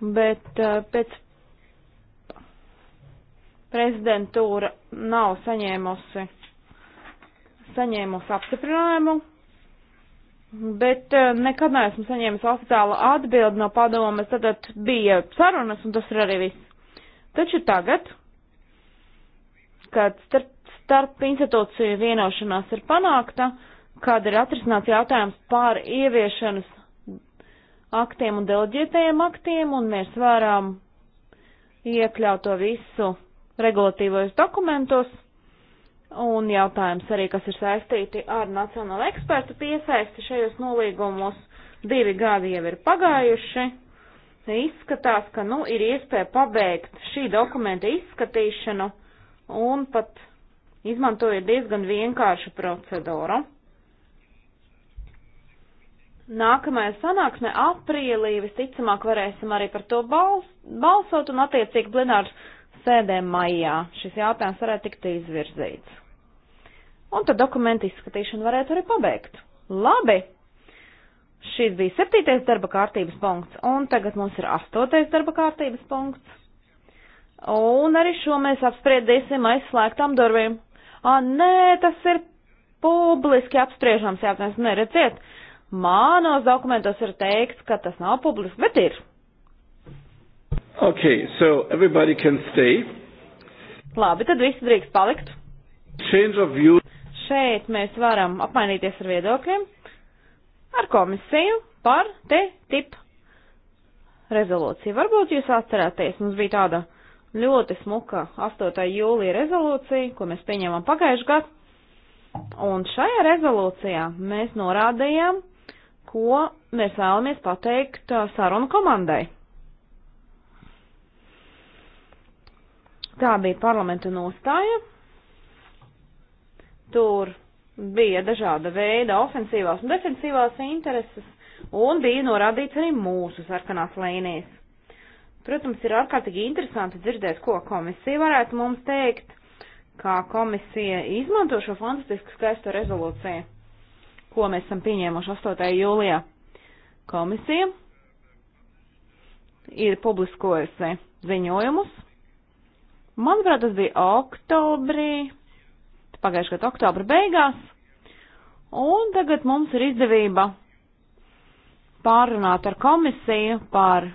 bet uh, pēc prezidentūra nav saņēmusi, saņēmusi apstiprinājumu, bet uh, nekad neesmu saņēmusi oficiālu atbildi no padomas, tad bija sarunas un tas ir arī viss. Taču tagad, kad starp, starp institūciju vienošanās ir panākta, kad ir atrisināts jautājums pār ieviešanas aktiem un delģētajiem aktiem, un mēs varam iekļaut to visu regulatīvos dokumentos. Un jautājums arī, kas ir saistīti ar nacionālu ekspertu piesaisti šajos nolīgumos, divi gadi jau ir pagājuši. Izskatās, ka nu ir iespēja pabeigt šī dokumenta izskatīšanu un pat izmantojot diezgan vienkāršu procedūru. Nākamajā sanāksmē aprīlī visticamāk varēsim arī par to bals, balsot un attiecīgi plenāru sēdē maijā. Šis jautājums varētu tikt izvirzīts. Un tad dokumentu izskatīšanu varētu arī pabeigt. Labi! Šis bija septītais darba kārtības punkts, un tagad mums ir astotais darba kārtības punkts. Un arī šo mēs apspriedīsim aizslēgtām durvīm. Ā, nē, tas ir publiski apspriežams jautājums, neredziet. Mānos dokumentos ir teikts, ka tas nav publiski, bet ir. Okay, so everybody can stay. Labi, tad visi drīkst palikt. Change of view. Šeit mēs varam apmainīties ar viedokļiem ar komisiju par te tip rezolūciju. Varbūt jūs atcerāties, mums bija tāda ļoti smuka 8. jūlija rezolūcija, ko mēs pieņēmām pagājušajā gadā. Un šajā rezolūcijā mēs norādījām, ko mēs vēlamies pateikt sarunu komandai. Tā bija parlamenta nostāja. Tur bija dažāda veida ofensīvās un defensīvās intereses, un bija norādīts arī mūsu sarkanās līnijas. Protams, ir ārkārtīgi interesanti dzirdēt, ko komisija varētu mums teikt, kā komisija izmanto šo fantastisku skaisto rezolūciju ko mēs esam pieņēmuši 8. jūlijā. Komisija ir publiskojusi ziņojumus. Manuprāt, tas bija oktobrī, pagājušajā gadā oktobra beigās, un tagad mums ir izdevība pārunāt ar komisiju par,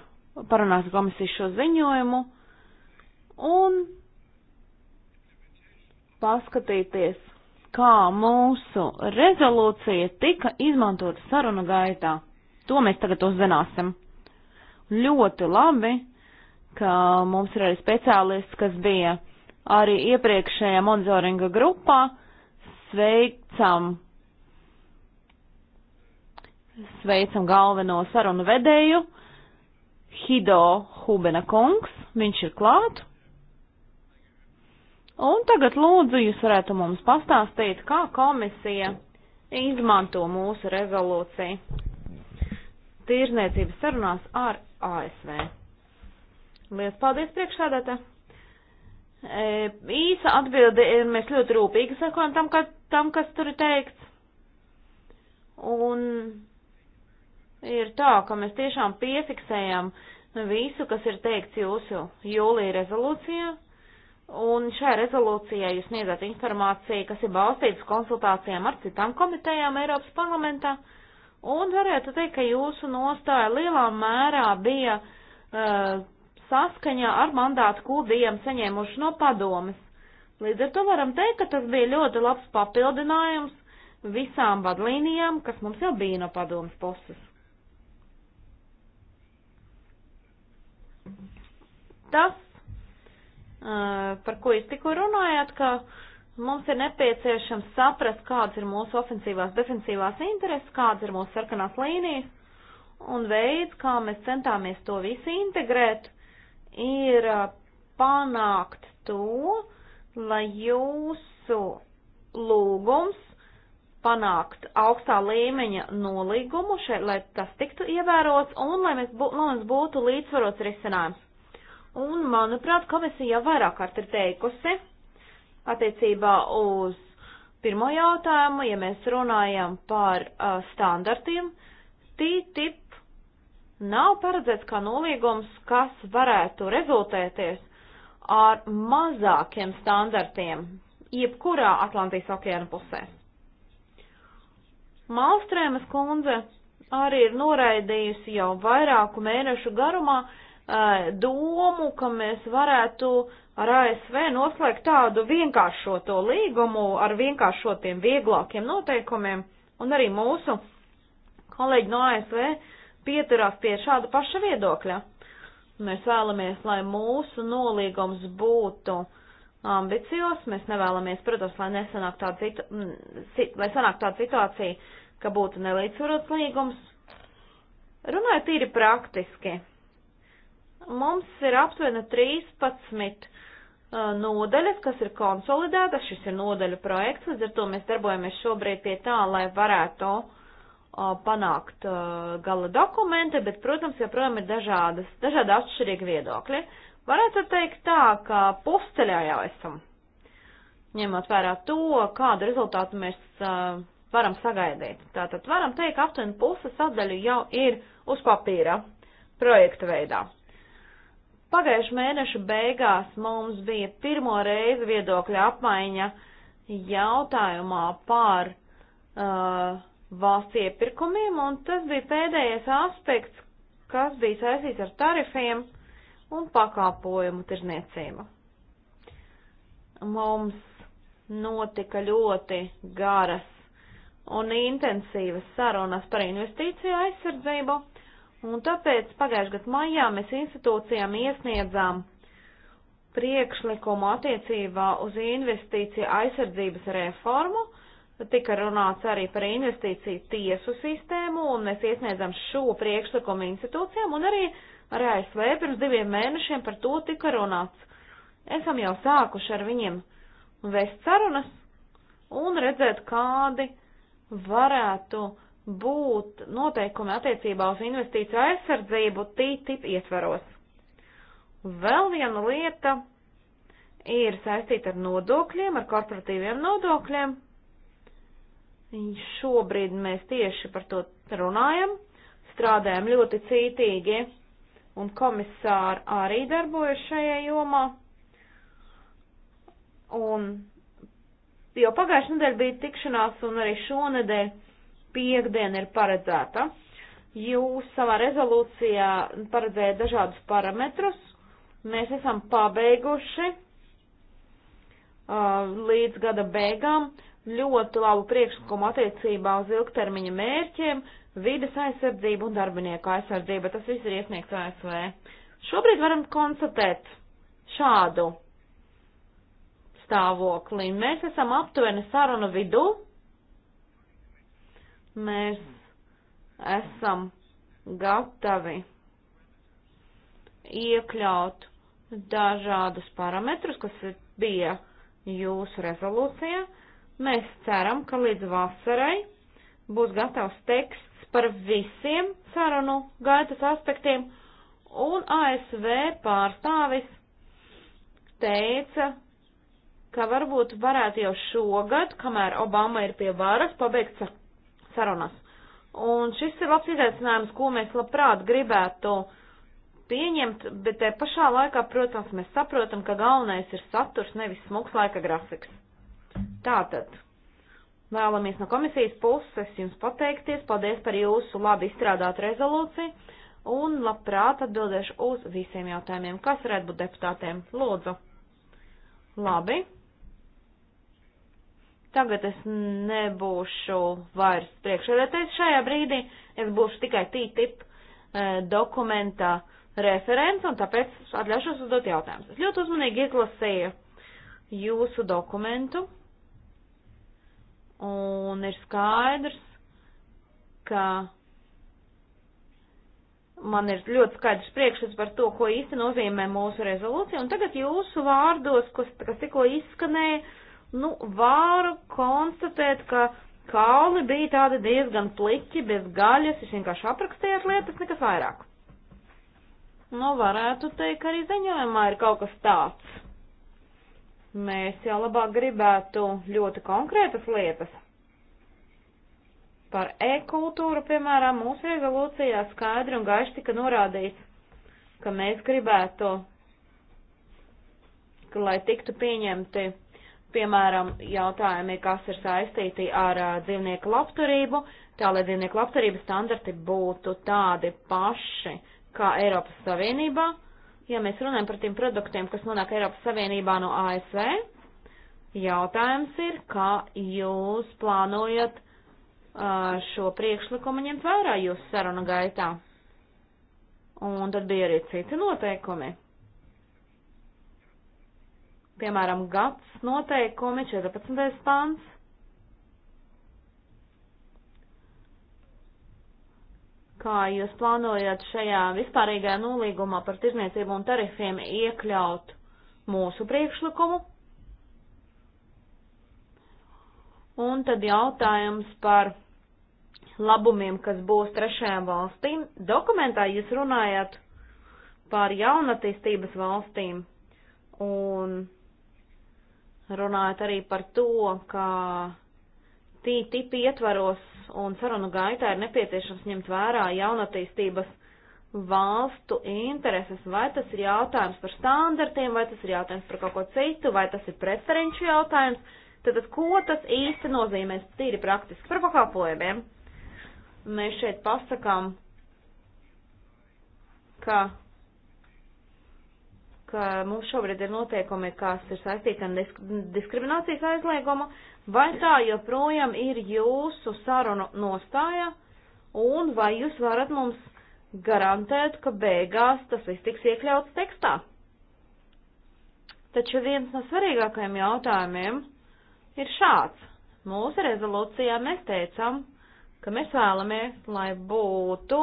parunāt ar komisiju šo ziņojumu un paskatīties, kā mūsu rezolūcija tika izmantota sarunu gaitā. To mēs tagad uzzināsim. Ļoti labi, ka mums ir arī speciālists, kas bija arī iepriekšējā monitoringa grupā. Sveicam, sveicam galveno sarunu vedēju Hido Hubena kungs, viņš ir klāt. Un tagad lūdzu jūs varētu mums pastāstīt, kā komisija izmanto mūsu rezolūciju tīrniecības sarunās ar ASV. Lielas paldies priekšsādātā. E, īsa atbilde ir, mēs ļoti rūpīgi sakojam tam, ka, tam, kas tur ir teikts. Un ir tā, ka mēs tiešām piefiksējam visu, kas ir teikts jūsu jūlija rezolūcijā. Un šajā rezolūcijā jūs sniedzat informāciju, kas ir balstītas konsultācijām ar citām komitejām Eiropas parlamentā. Un varētu teikt, ka jūsu nostāja lielā mērā bija uh, saskaņā ar mandātu, ko bijām saņēmuši no padomes. Līdz ar to varam teikt, ka tas bija ļoti labs papildinājums visām vadlīnijām, kas mums jau bija no padomes puses. Tas Eh, par ko jūs tikko runājāt, ka mums ir nepieciešams saprast, kādas ir mūsu ofensīvās, defensīvās intereses, kādas ir mūsu sarkanās līnijas un veids, kā mēs centāmies to visu integrēt, ir eh, panākt to, lai jūsu lūgums panākt augstā līmeņa nolīgumu, šeit, lai tas tiktu ievērots un lai mēs bū, nu, mums būtu līdzsvarots risinājums. Un, manuprāt, komisija vairāk kārt ir teikusi attiecībā uz pirmo jautājumu, ja mēs runājam par uh, standartiem, TTIP nav paredzēts kā nolīgums, kas varētu rezultēties ar mazākiem standartiem jebkurā Atlantijas okeāna pusē. Malstrēmas kundze arī ir noraidījusi jau vairāku mēnešu garumā Eh, domu, ka mēs varētu ar ASV noslēgt tādu vienkāršoto līgumu ar vienkāršotiem, vieglākiem noteikumiem, un arī mūsu kolēģi no ASV pieturās pie šāda paša viedokļa. Mēs vēlamies, lai mūsu nolīgums būtu ambicios, mēs nevēlamies, protams, lai nesanāk tāda, situ... lai sanāk tāda situācija, ka būtu nelīdzsvarots līgums. Runāju tīri praktiski. Mums ir aptuveni 13 nodaļas, kas ir konsolidētas, šis ir nodaļu projekts, līdz ar to mēs darbojamies šobrīd pie tā, lai varētu panākt gala dokumenti, bet, protams, joprojām ir dažādas, dažādi atšķirīgi viedokļi. Varētu teikt tā, ka posteļā jau esam, ņemot vērā to, kādu rezultātu mēs varam sagaidīt. Tātad varam teikt, ka aptuveni puse sadaļu jau ir uz papīra projekta veidā. Pagājušā mēneša beigās mums bija pirmo reizi viedokļa apmaiņa jautājumā par uh, valsts iepirkumiem, un tas bija pēdējais aspekts, kas bija saistīts ar tarifiem un pakāpojumu tirzniecību. Mums notika ļoti garas un intensīvas sarunas par investīciju aizsardzību Un tāpēc pagājušajā gadā maijā mēs institūcijām iesniedzām priekšlikumu attiecībā uz investīciju aizsardzības reformu. Tika runāts arī par investīciju tiesu sistēmu, un mēs iesniedzām šo priekšlikumu institūcijām, un arī ar ASV pirms diviem mēnešiem par to tika runāts. Esam jau sākuši ar viņiem vest sarunas un redzēt, kādi varētu būt noteikumi attiecībā uz investīciju aizsardzību TTIP ietvaros. Vēl viena lieta ir saistīta ar nodokļiem, ar korporatīviem nodokļiem. Šobrīd mēs tieši par to runājam, strādājam ļoti cītīgi, un komisāri arī darbojas šajā jomā. Un jau pagājušajā nedēļā bija tikšanās, un arī šonedēļ piekdiena ir paredzēta. Jūs savā rezolūcijā paredzējat dažādus parametrus. Mēs esam pabeiguši uh, līdz gada beigām ļoti labu priekšlikumu attiecībā uz ilgtermiņa mērķiem, vides aizsardzību un darbinieku aizsardzību. Tas viss ir iesniegts ASV. Šobrīd varam konstatēt šādu stāvokli. Mēs esam aptuveni sarunu vidū, mēs esam gatavi iekļaut dažādus parametrus, kas bija jūsu rezolūcijā. Mēs ceram, ka līdz vasarai būs gatavs teksts par visiem sarunu gaitas aspektiem, un ASV pārstāvis teica, ka varbūt varētu jau šogad, kamēr Obama ir pie varas, pabeigt ar sarunas. Un šis ir labs izaicinājums, ko mēs labprāt gribētu pieņemt, bet te pašā laikā, protams, mēs saprotam, ka galvenais ir saturs, nevis smuks laika grafiks. Tātad, vēlamies no komisijas puses jums pateikties, paldies par jūsu labi izstrādātu rezolūciju un labprāt atbildēšu uz visiem jautājumiem, kas varētu būt deputātiem. Lūdzu! Labi, Tagad es nebūšu vairs priekšredētais šajā brīdī, es būšu tikai TTIP eh, dokumentā referents, un tāpēc atļaušos uzdot jautājumus. Es ļoti uzmanīgi ieklasēju jūsu dokumentu, un ir skaidrs, ka man ir ļoti skaidrs priekšstats par to, ko īsti nozīmē mūsu rezolūcija, un tagad jūsu vārdos, kas, kas tikko izskanēja, Nu, varu konstatēt, ka kauli bija tādi diezgan pliķi, bez gaļas, es vienkārši aprakstīju lietas, nekas vairāk. Nu, varētu teikt, ka arī ziņojumā ir kaut kas tāds. Mēs jau labāk gribētu ļoti konkrētas lietas. Par e-kultūru, piemēram, mūsu rezolūcijā skaidri un gaiši tika norādīts, ka mēs gribētu, ka, lai tiktu pieņemti Piemēram, jautājumi, kas ir saistīti ar uh, dzīvnieku labturību, tā lai dzīvnieku labturības standarti būtu tādi paši kā Eiropas Savienībā. Ja mēs runājam par tiem produktiem, kas nonāk Eiropas Savienībā no ASV, jautājums ir, kā jūs plānojat uh, šo priekšlikumu ņemt vērā jūsu sarunu gaitā. Un tad bija arī citi noteikumi piemēram, gads noteikumi, 14. pāns. Kā jūs plānojat šajā vispārīgajā nolīgumā par tirzniecību un tarifiem iekļaut mūsu priekšlikumu? Un tad jautājums par labumiem, kas būs trešajām valstīm. Dokumentā jūs runājat par jaunatīstības valstīm un runājot arī par to, ka tītipi ietvaros un sarunu gaitā ir nepieciešams ņemt vērā jaunatīstības valstu intereses, vai tas ir jautājums par standartiem, vai tas ir jautājums par kaut ko citu, vai tas ir preferenču jautājums, tad ko tas īsti nozīmēs tīri praktiski par pakalpojumiem. Mēs šeit pasakām, ka ka mums šobrīd ir noteikumi, kas ir saistīti ar disk diskriminācijas aizliegumu, vai tā joprojām ir jūsu sarunu nostāja, un vai jūs varat mums garantēt, ka beigās tas viss tiks iekļauts tekstā. Taču viens no svarīgākajiem jautājumiem ir šāds. Mūsu rezolūcijā mēs teicam, ka mēs vēlamies, lai būtu,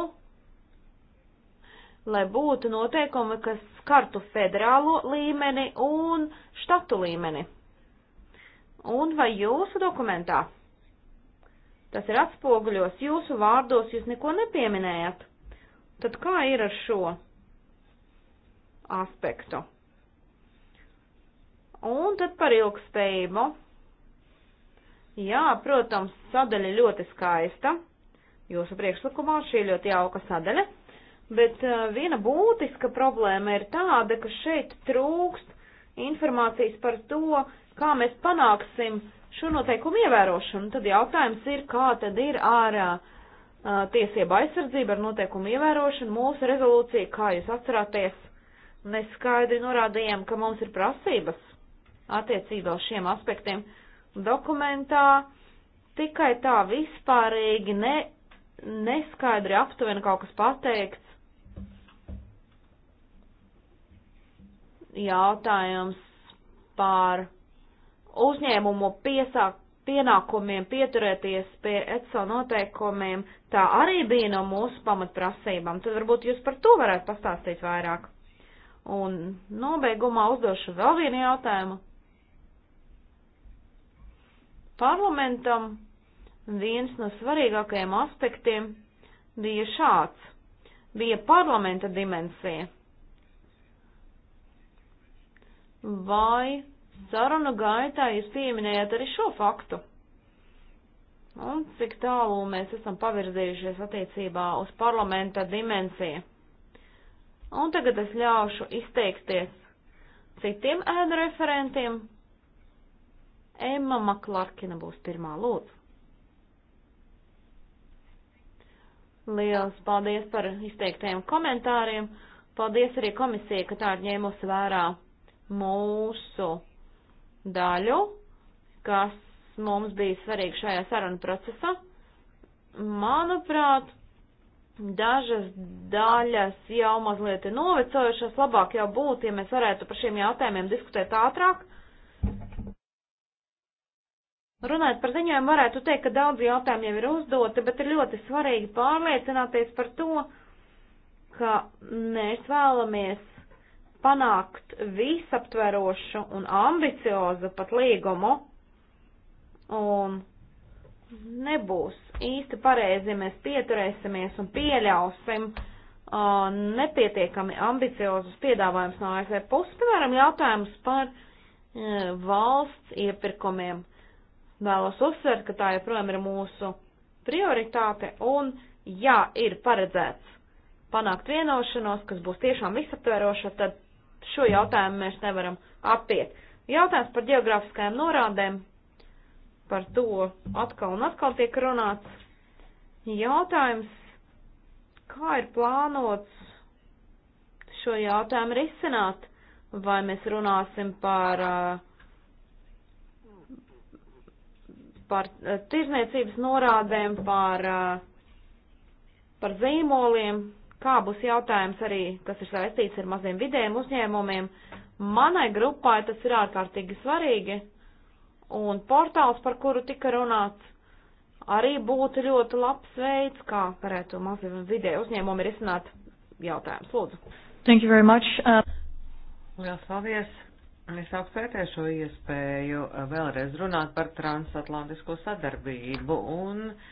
lai būtu noteikumi, kas skartu federālo līmeni un štatu līmeni. Un vai jūsu dokumentā tas ir atspoguļos jūsu vārdos, jūs neko nepieminējat? Tad kā ir ar šo aspektu? Un tad par ilgspējību. Jā, protams, sadaļa ļoti skaista. Jūsu priekšlikumā šī ļoti jauka sadaļa. Bet uh, viena būtiska problēma ir tāda, ka šeit trūkst informācijas par to, kā mēs panāksim šo noteikumu ievērošanu. Tad jautājums ir, kā tad ir ārā uh, uh tiesība aizsardzība ar noteikumu ievērošanu. Mūsu rezolūcija, kā jūs atcerāties, neskaidri norādījām, ka mums ir prasības attiecībā uz šiem aspektiem dokumentā. Tikai tā vispārīgi ne neskaidri aptuveni kaut kas pateikts, jautājums par uzņēmumu piesāk, pienākumiem pieturēties pie ECO noteikumiem, tā arī bija no mūsu pamatprasībām. Tad varbūt jūs par to varētu pastāstīt vairāk. Un nobeigumā uzdošu vēl vienu jautājumu. Parlamentam viens no svarīgākajiem aspektiem bija šāds. Bija parlamenta dimensija vai sarunu gaitā jūs pieminējāt arī šo faktu? Un cik tālu mēs esam pavirzījušies attiecībā uz parlamenta dimensiju? Un tagad es ļaušu izteikties citiem ēnu referentiem. Emma Maklarkina būs pirmā lūdzu. Liels paldies par izteiktajiem komentāriem. Paldies arī komisija, ka tā ir ņēmusi vērā mūsu daļu, kas mums bija svarīgi šajā sarunu procesā. Manuprāt, dažas daļas jau mazliet ir novecojušas, labāk jau būtu, ja mēs varētu par šiem jautājumiem diskutēt ātrāk. Runājot par ziņojumu, varētu teikt, ka daudz jautājumu jau ir uzdoti, bet ir ļoti svarīgi pārliecināties par to, ka mēs vēlamies panākt visaptverošu un ambiciozu pat līgumu, un nebūs īsti pareizi, ja mēs pieturēsimies un pieļausim uh, nepietiekami ambiciozus piedāvājumus no ASV puses, piemēram, jautājums par uh, valsts iepirkumiem. Vēlos uzsvert, ka tā joprojām ir mūsu prioritāte un, ja ir paredzēts panākt vienošanos, kas būs tiešām visaptveroša, tad šo jautājumu mēs nevaram apiet. Jautājums par geogrāfiskajām norādēm, par to atkal un atkal tiek runāts. Jautājums, kā ir plānots šo jautājumu risināt, vai mēs runāsim par, eh, par eh, tirzniecības norādēm, par, eh, par zīmoliem, kā būs jautājums arī, kas ir saistīts ar maziem vidējiem uzņēmumiem. Manai grupai tas ir ārkārtīgi svarīgi, un portāls, par kuru tika runāts, arī būtu ļoti labs veids, kā varētu maziem vidēju uzņēmumi risināt jautājumus. Lūdzu. Thank you very much. Uh... Jā, paldies. Es apsvērtēju šo iespēju uh, vēlreiz runāt par transatlantisko sadarbību un uh,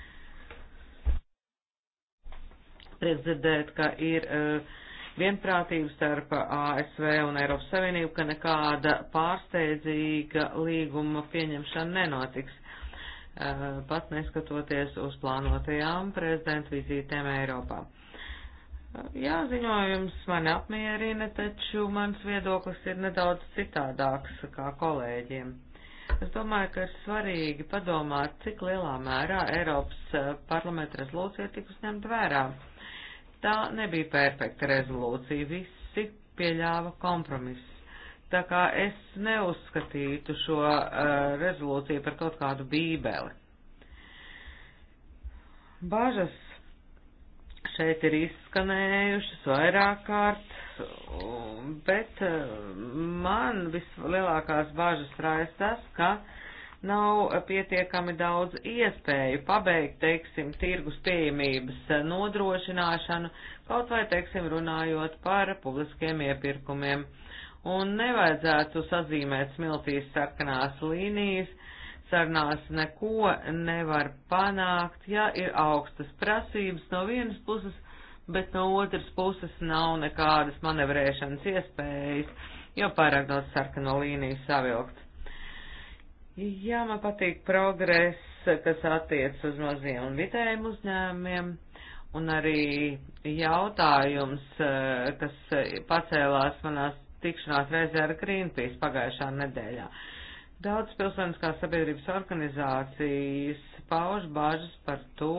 Prieks dzirdēt, ka ir uh, vienprātība starp ASV un Eiropas Savienību, ka nekāda pārsteidzīga līguma pieņemšana nenotiks, uh, pat neskatoties uz plānotajām prezidenta vizītēm Eiropā. Uh, jā, ziņojums mani apmierina, taču mans viedoklis ir nedaudz citādāks kā kolēģiem. Es domāju, ka ir svarīgi padomāt, cik lielā mērā Eiropas eh, parlamenta rezolūcija tikus ņemt vērā. Uh, Tā nebija perfekta rezolūcija, visi pieļāva kompromisu. Tā kā es neuzskatītu šo uh, rezolūciju par kaut kādu bībeli. Bažas šeit ir izskanējušas vairāk kārt, bet eh, man vislielākās bāžas rājas tas, ka nav pietiekami daudz iespēju pabeigt, teiksim, tirgus pieejamības nodrošināšanu, kaut vai, teiksim, runājot par publiskiem iepirkumiem. Un nevajadzētu sazīmēt smiltīs sarkanās līnijas, sarunās neko nevar panākt, ja ir augstas prasības no vienas puses, bet no otras puses nav nekādas manevrēšanas iespējas, jo pārāk daudz sarkano līniju savilkt. Jā, man patīk progress, kas attiec uz maziem un vidējiem uzņēmiem, un arī jautājums, eh, kas pacēlās manās tikšanās reizē ar Greenpeace pagājušā nedēļā. Daudz pilsoniskās sabiedrības organizācijas pauž bažas par to,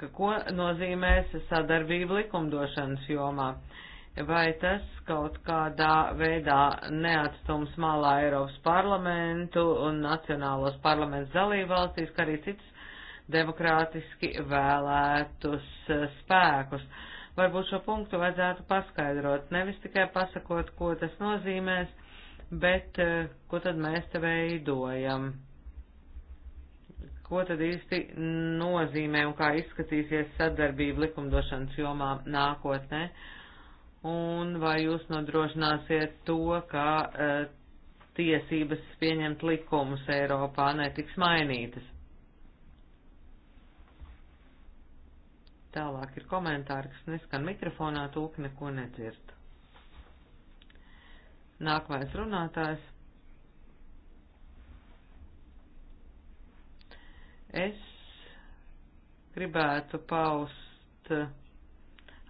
ka ko nozīmēs sadarbība likumdošanas jomā. Uh, vai tas kaut kādā veidā neatstums malā Eiropas parlamentu un nacionālos parlamentus dalībvalstīs, kā arī citus demokrātiski vēlētus eh, spēkus. Varbūt šo punktu vajadzētu paskaidrot, nevis tikai pasakot, ko tas nozīmēs, bet eh, ko tad mēs te veidojam. Ko tad īsti nozīmē un kā izskatīsies sadarbība likumdošanas jomā nākotnē? Ne? un vai jūs nodrošināsiet to, ka uh, tiesības pieņemt likumus Eiropā netiks mainītas? Tālāk ir komentāri, kas neskan mikrofonā, tūk neko nedzird. Nākamais runātājs. Es gribētu paust uh,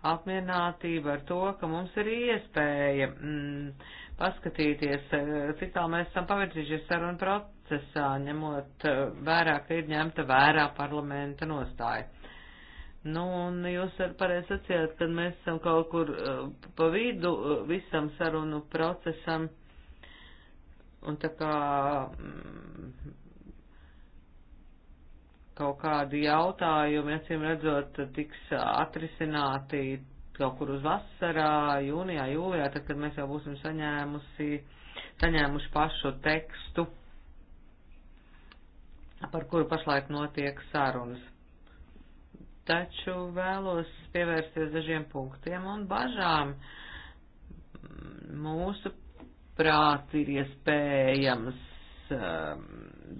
apmierinātība ar to, ka mums ir iespēja mm, paskatīties, eh, cik tālu mēs esam pavirzījušies sarunu procesā, ņemot eh, vērā, ka ir ņemta vērā parlamenta nostāja. Nu, un jūs ar pareizi sacījāt, ka mēs esam kaut kur eh, pa vidu visam sarunu procesam, un tā kā mm, kaut kādi jautājumi, acīm redzot, tiks atrisināti kaut kur uz vasarā, jūnijā, jūlijā, tad, kad mēs jau būsim saņēmusi, saņēmuši pašu tekstu, par kuru pašlaik notiek sarunas. Taču vēlos pievērsties dažiem punktiem un bažām. Mūsu prāt ir iespējams um,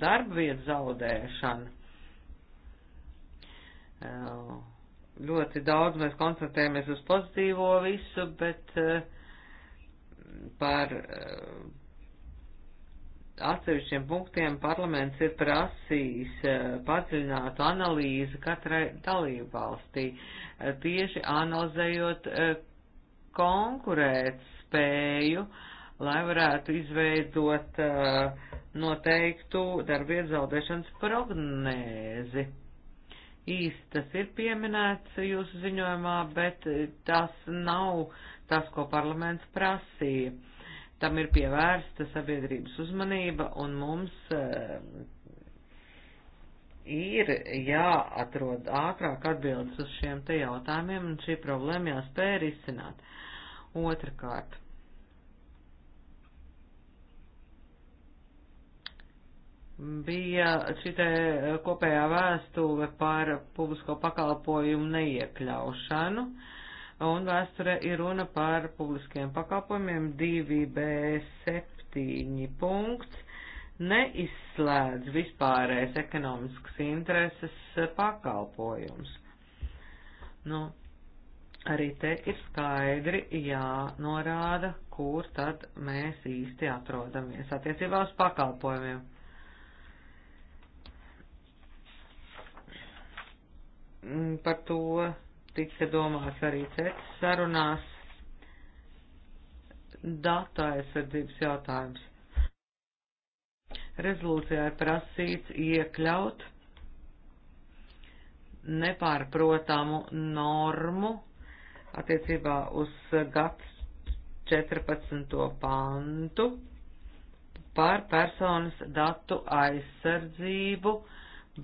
darba vietas zaudēšana Ļoti daudz mēs koncentrējamies uz pozitīvo visu, bet par atsevišķiem punktiem parlaments ir prasījis padziļinātu analīzi katrai dalību valstī, tieši analizējot konkurēt spēju, lai varētu izveidot noteiktu darbietu zaudēšanas prognēzi īsti tas ir pieminēts jūsu ziņojumā, bet tas nav tas, ko parlaments prasīja. Tam ir pievērsta sabiedrības uzmanība un mums eh, ir jāatrod ātrāk atbildes uz šiem te jautājumiem un šī problēma jāspēj risināt. Otrakārt, bija šī kopējā vēstule par publisko pakalpojumu neiekļaušanu, un vēsture ir runa par publiskiem pakalpojumiem 2B7 punkts, neizslēdz vispārējais ekonomiskas intereses pakalpojums. Nu, arī te ir skaidri jānorāda, kur tad mēs īsti atrodamies attiecībā uz pakalpojumiem. Mm, par to tika domās arī CETS sarunās. Data aizsardzības jautājums. Rezolūcijā ir prasīts iekļaut nepārprotamu normu attiecībā uz gads 14. pantu par personas datu aizsardzību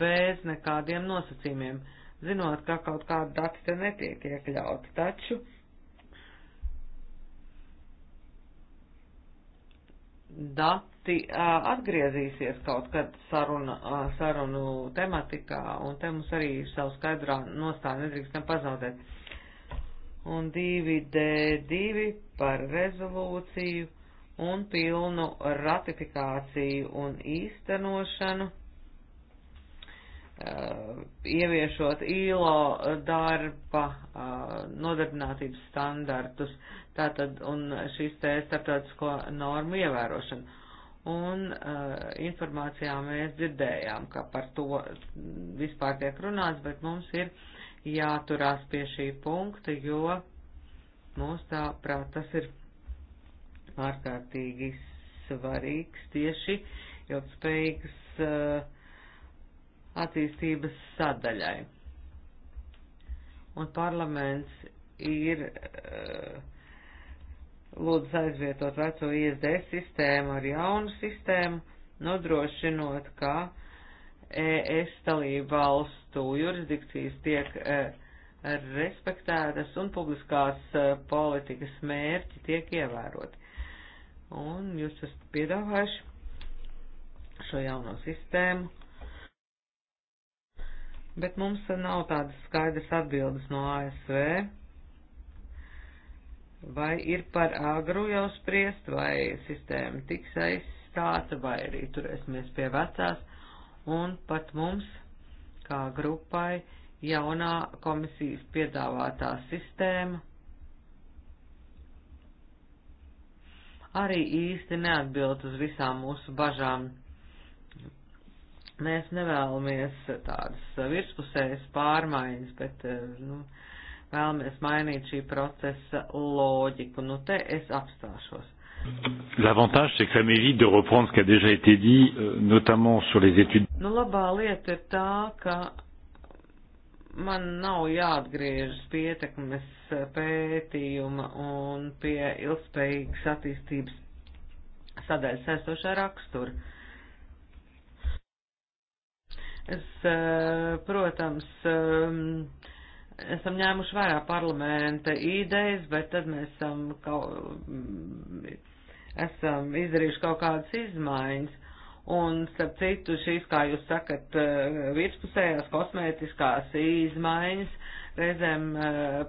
bez nekādiem nosacījumiem. Uh, zinot, ka kaut kāda dati te netiek iekļauti, taču dati atgriezīsies kaut kad saruna, sarunu tematikā, un te mums arī savu skaidrā nostāju nedrīkstam pazaudēt. Un 2D2 par rezolūciju un pilnu ratifikāciju un īstenošanu Eh, ieviešot ILO darba eh, nodarbinātības standartus, tātad un šīs te starptautisko normu ievērošanu. Un uh, eh, informācijā mēs dzirdējām, ka par to vispār tiek runāts, bet mums ir jāturās pie šī punkta, jo mums tā prāt tas ir ārkārtīgi svarīgs tieši ilgspējīgas uh, attīstības sadaļai. Un parlaments ir uh, lūdzu aizvietot veco ISDS sistēmu ar jaunu sistēmu, nodrošinot, ka ES dalību valstu jurisdikcijas tiek uh, respektētas un publiskās uh, politikas mērķi tiek ievēroti. Un jūs esat piedāvājuši šo jauno sistēmu bet mums nav tādas skaidras atbildes no ASV. Vai ir par agru jau spriest, vai sistēma tiks aizstāta, vai arī turēsimies pie vecās, un pat mums, kā grupai, jaunā komisijas piedāvātā sistēma arī īsti neatbild uz visām mūsu bažām Mēs nevēlamies tādas virspusējas pārmaiņas, bet eh, nu, vēlamies mainīt šī procesa loģiku. Nu, te es apstāšos. L'avantage, c'est que ça m'évite de reprendre ce qui a déjà été dit, euh, notamment sur les études. Nu, labā lieta ir tā, ka man nav jāatgriežas pie ietekmes pētījuma un pie ilgspējīgas attīstības sadaļas saistošā rakstura. Es, eh, protams, eh, esam ņēmuši vērā parlamenta idejas, bet tad mēs esam, kaut, esam izdarījuši kaut kādas izmaiņas. Un, starp citu, šīs, kā jūs sakat, eh, virspusējās kosmētiskās izmaiņas reizēm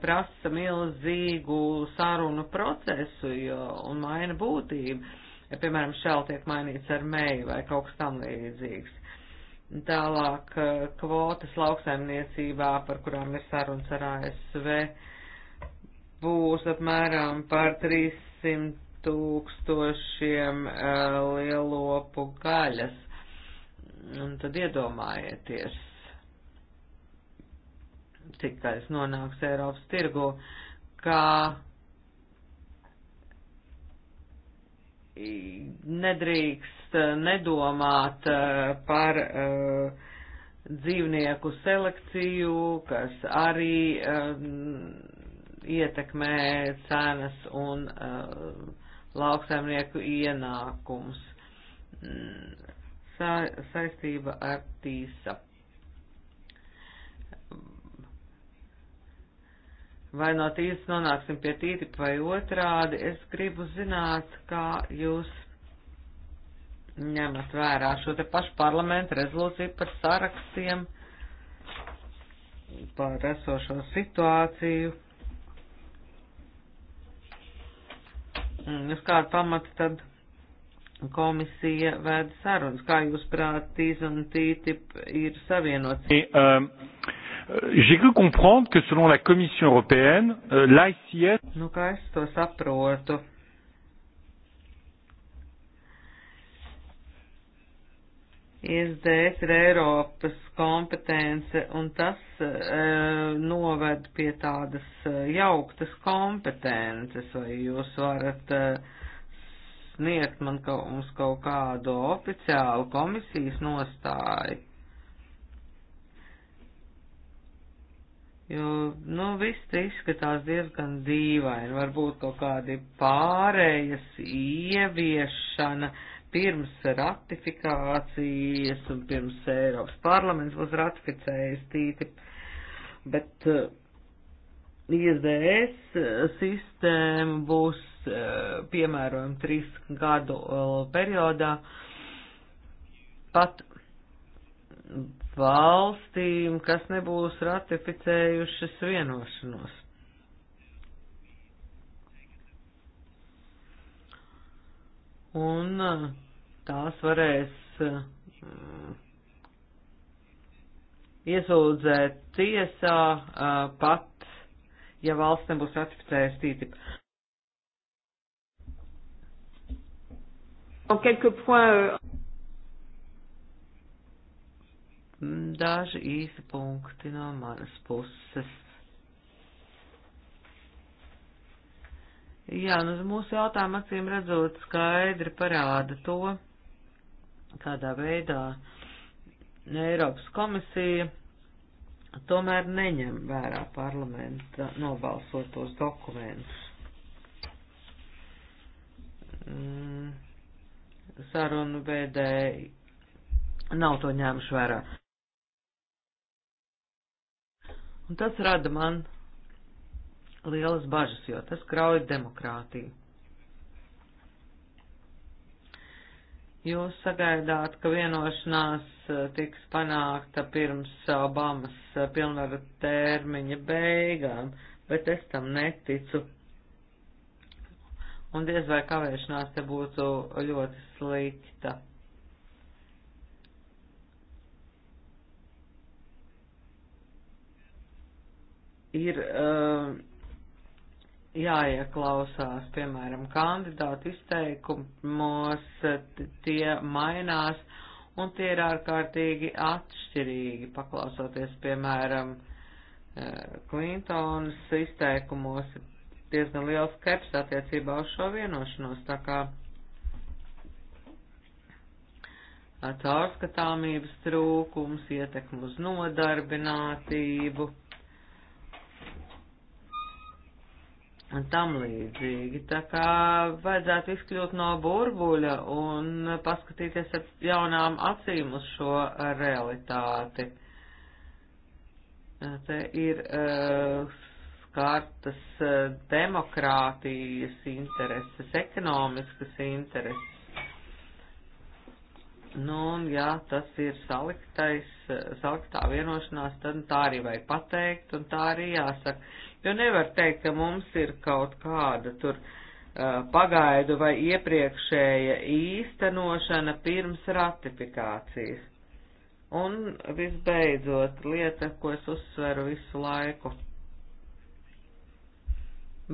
prasa milzīgu sarunu procesu jo, un maina būtību. Ja, piemēram, šēl tiek mainīts ar mēju vai kaut kas tam līdzīgs Tālāk eh, kvotas lauksaimniecībā, par kurām ir sarunas ar ASV, būs apmēram par 300 tūkstošiem eh, lielopu gaļas. Un tad iedomājieties, cik gaļas nonāks Eiropas tirgu, kā nedrīkst drīkst eh, nedomāt eh, par eh, dzīvnieku selekciju, kas arī ietekmē cenas un lauksaimnieku ienākums Sa saistība ar tīsa. vai no tīras nonāksim pie tītipa vai otrādi, es gribu zināt, kā jūs ņemat vērā šo te pašu parlamentu rezolūciju par sarakstiem, par esošo situāciju. Uz kādu pamatu tad komisija vēd sarunas? Kā jūs prāt, TIZ un TTIP ir savienots? Et, um... J'ai cru comprendre que selon la Commission européenne, euh, l'ICS... Nu, kā es to saprotu, ISDS ir Eiropas kompetence, un tas e, noved pie tādas eh, jauktas kompetences, vai jūs varat e, sniegt man kaut, mums kaut kādu oficiālu komisijas nostāju. Jo, nu, viss te izskatās diezgan dīvaini, varbūt kaut kādi pārējas ieviešana. E, pirms ratifikācijas un pirms Eiropas parlaments būs ratificējis TTIP, bet eh, ISDS eh, sistēma būs eh, piemērojama trīs gadu periodā pat valstīm, kas nebūs ratificējušas vienošanos. Un tās varēs uh, iesūdzēt tiesā uh, pat, ja valsts nebūs ratificējusi TTIP. Euh, Daži īsi punkti no manas puses. Jā, nu uz mūsu jautājumu acīm redzot skaidri parāda to, kādā veidā Eiropas komisija tomēr neņem vērā parlamenta nobalsotos dokumentus. Mm, sarunu vēdēji nav to ņēmuši vērā. Un tas rada man lielas bažas, jo tas grauj demokrātiju. Jūs sagaidāt, ka vienošanās eh, tiks panākta pirms Obamas eh, pilnvaru termiņa beigām, bet es tam neticu. Un diez vai kavēšanās te būtu ļoti slikta. Ir uh, um, jāieklausās, piemēram, kandidātu izteikumos, tie mainās un tie ir ārkārtīgi atšķirīgi, paklausoties, piemēram, e, Klintonas izteikumos ir diezgan liela skepsa attiecībā uz šo vienošanos, tā kā caurskatāmības trūkums, ietekmu uz nodarbinātību un tam līdzīgi. Tā kā vajadzētu izkļūt no burbuļa un paskatīties ar jaunām acīm uz šo realitāti. Te ir uh, skartas uh, demokrātijas intereses, ekonomiskas intereses. Nu, un jā, tas ir saliktais, eh, saliktā vienošanās, tad tā arī vajag pateikt, un tā arī jāsaka Jo nevar teikt, ka mums ir kaut kāda tur uh, pagaidu vai iepriekšēja īstenošana pirms ratifikācijas. Un visbeidzot, lieta, ko es uzsveru visu laiku.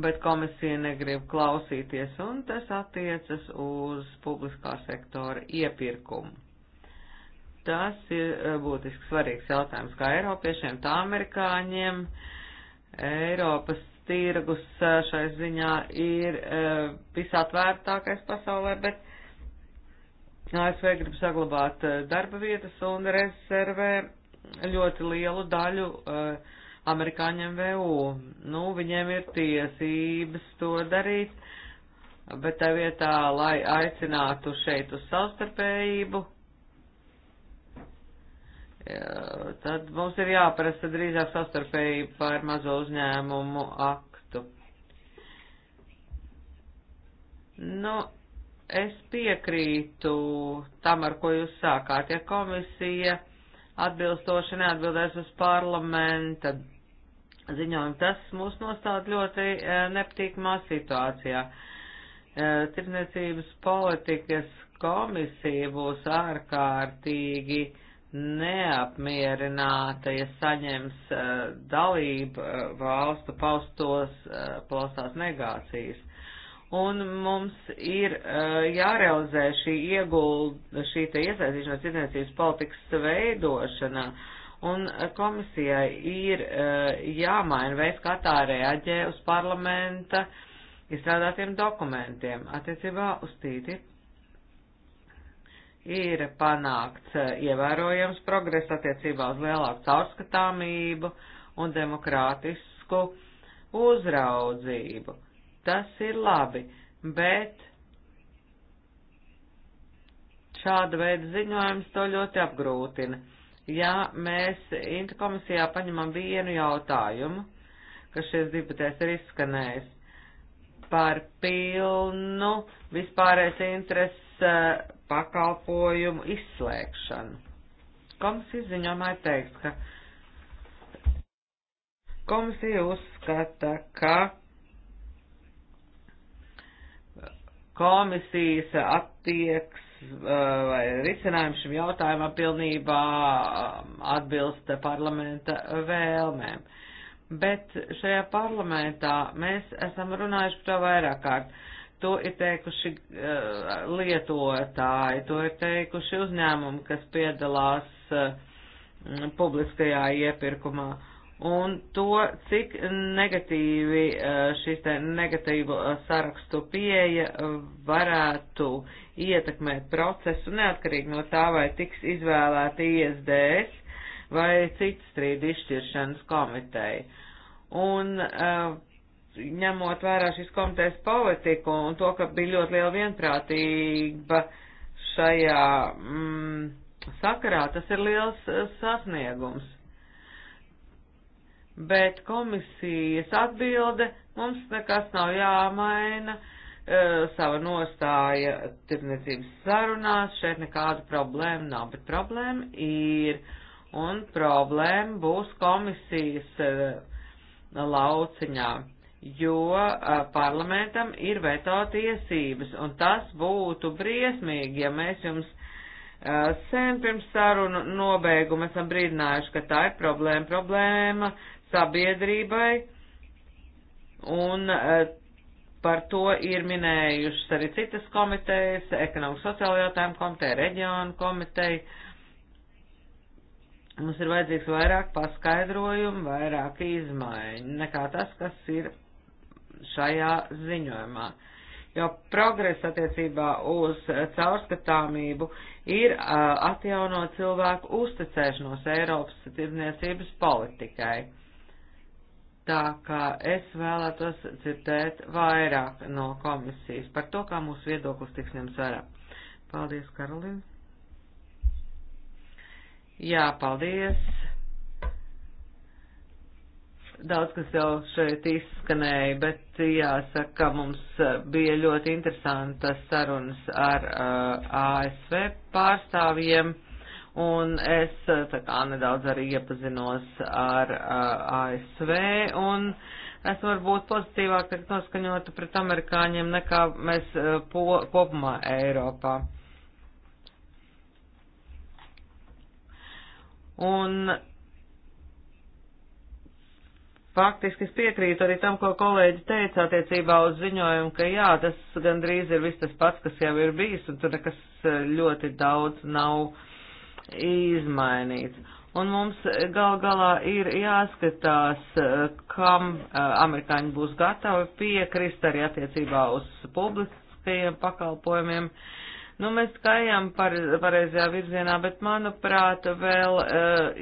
Bet komisija negrib klausīties, un tas attiecas uz publiskā sektora iepirkumu. Tas ir būtiski svarīgs jautājums kā Eiropiešiem, tā amerikāņiem. Uh, Eiropas tirgus šai ziņā ir visatvērtākais pasaulē, bet ASV grib saglabāt darba vietas un rezervē ļoti lielu daļu amerikāņiem VU. Nu, viņiem ir tiesības to darīt, bet tā vietā, lai aicinātu šeit uz savstarpējību, Eh, tad mums ir jāprasa drīzāk sastarpēji par mazo uzņēmumu aktu. Nu, es piekrītu tam, ar ko jūs sākāt. Ja komisija atbilstoši neatbildēs uz parlamenta ziņojumu, tas mūs nostāda ļoti eh, nepatīkamā situācijā. Eh, tirdzniecības politikas komisija būs ārkārtīgi uh, neapmierināta, ja saņems uh, dalību uh, valstu paustos, uh, eh, paustās negācijas. Un mums ir uh, jārealizē šī iegulda, šī te iesaistīšanās tirdzniecības politikas veidošanā, un komisijai ir uh, jāmaina veids, kā tā reaģē uz parlamenta izstrādātiem dokumentiem attiecībā uz tītip ir panākts eh, ievērojams progress attiecībā uz lielāku caurskatāmību un demokrātisku uzraudzību. Tas ir labi, bet šāda veida ziņojums to ļoti apgrūtina. Ja mēs interkomisijā paņemam vienu jautājumu, kas šīs debatēs ir izskanējis, par pilnu vispārējais intereses eh, pakalpojumu izslēgšanu. Komisijas ziņojumā ir teikts, ka komisija uzskata, ka komisijas attieks uh, vai risinājums šim jautājumam pilnībā um, atbilst parlamenta vēlmēm. Bet šajā parlamentā mēs esam runājuši par to vairāk kārt To ir teikuši uh, lietotāji, to ir teikuši uzņēmumi, kas piedalās uh, publiskajā iepirkumā. Un to, cik negatīvi uh, eh, šīs te negatīvu sarakstu pieeja varētu ietekmēt procesu, neatkarīgi no tā, vai tiks izvēlēta ISDS vai citas strīdu izšķiršanas komiteja. Un uh, ņemot vērā šīs komitejas politiku un to, ka bija ļoti liela vienprātība šajā mm, sakarā, tas ir liels eh, sasniegums. Bet komisijas atbilde mums nekas nav jāmaina, e, sava nostāja tirdzniecības sarunās, šeit nekāda problēma nav, bet problēma ir, un problēma būs komisijas e, lauciņā jo a, parlamentam ir veto tiesības, un tas būtu briesmīgi, ja mēs jums a, sen pirms sarunu nobeiguma esam brīdinājuši, ka tā ir problēma, problēma sabiedrībai, un a, par to ir minējušas arī citas komitejas, ekonomikas sociāla jautājuma komiteja, reģionu komiteja. Mums ir vajadzīgs vairāk paskaidrojumu, vairāk izmaiņu nekā tas, kas ir šajā ziņojumā, jo progress attiecībā uz caurskatāmību ir atjaunot cilvēku uzticēšanos Eiropas tirdzniecības politikai. Tā kā es vēlētos citēt vairāk no komisijas par to, kā mūsu viedoklis tiks ņemts vērā. Paldies, Karolīna! Jā, paldies! Daudz, kas jau šeit izskanēja, bet jāsaka, ka mums eh, bija ļoti interesantas sarunas ar uh, eh, ASV pārstāvjiem, un es eh, tā kā nedaudz arī iepazinos ar uh, ASV, un es varbūt pozitīvāk tiek noskaņota pret amerikāņiem nekā mēs uh, po, kopumā Eiropā. Un Faktiski es piekrītu arī tam, ko kolēģi teica attiecībā uz ziņojumu, ka jā, tas gandrīz ir viss tas pats, kas jau ir bijis, un tur nekas eh, ļoti daudz nav izmainīts. Un mums gal galā ir jāskatās, eh, kam eh, amerikāņi būs gatavi piekrist arī attiecībā uz publiskajiem pakalpojumiem. Uh, Nu, mēs gājām pareizajā virzienā, bet, manuprāt, vēl uh,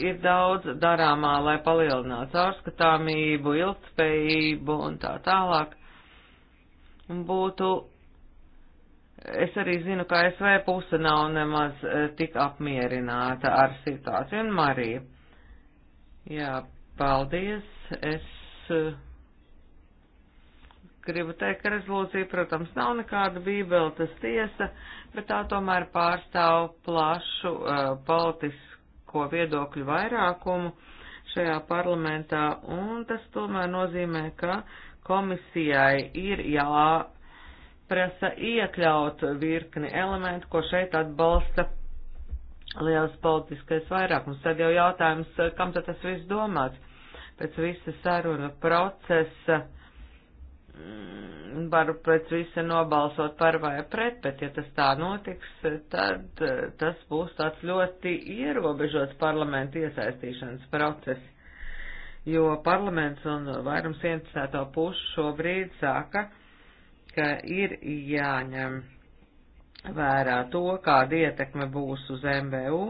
ir daudz darāmā, lai palielinātu caurskatāmību, ilgspējību un tā tālāk. Un būtu, es arī zinu, ka SV puse nav nemaz uh, tik apmierināta ar situāciju. Un Marija, jā, paldies, es. Uh, gribu teikt, ka rezolūcija, protams, nav nekāda bībele, tas tiesa, bet tā tomēr pārstāv plašu uh, politisko viedokļu vairākumu šajā parlamentā, un tas tomēr nozīmē, ka komisijai ir jāprasa iekļaut virkni elementu, ko šeit atbalsta liels politiskais vairākums. Tad jau jautājums, kam tad tas viss domāts? Pēc visa saruna procesa varu pēc visa nobalsot par vai pret, bet ja tas tā notiks, tad eh, tas būs tāds ļoti ierobežots parlamentu iesaistīšanas process, jo parlaments un vairums interesēto pušu šobrīd saka, ka ir jāņem vērā to, kāda ietekme būs uz MVU,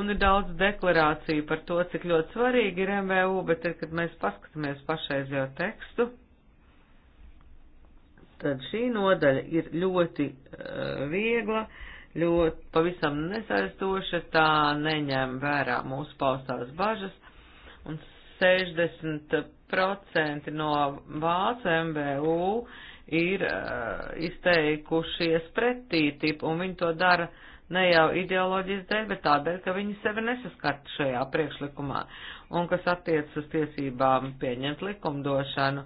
un ir daudz deklarāciju par to, cik ļoti svarīgi ir MVU, bet tad, kad mēs paskatāmies pašreizējo tekstu, Tad šī nodaļa ir ļoti uh, viegla, ļoti pavisam nesaistoša, tā neņem vērā mūsu paustās bažas, un 60% no Vācu MBU ir uh, izteikušies pretī tipu, un viņi to dara uh, ne jau ideoloģijas dēļ, bet tādēļ, ka viņi sevi nesaskat šajā priekšlikumā. Un kas attiec uz tiesībām pieņemt likumdošanu,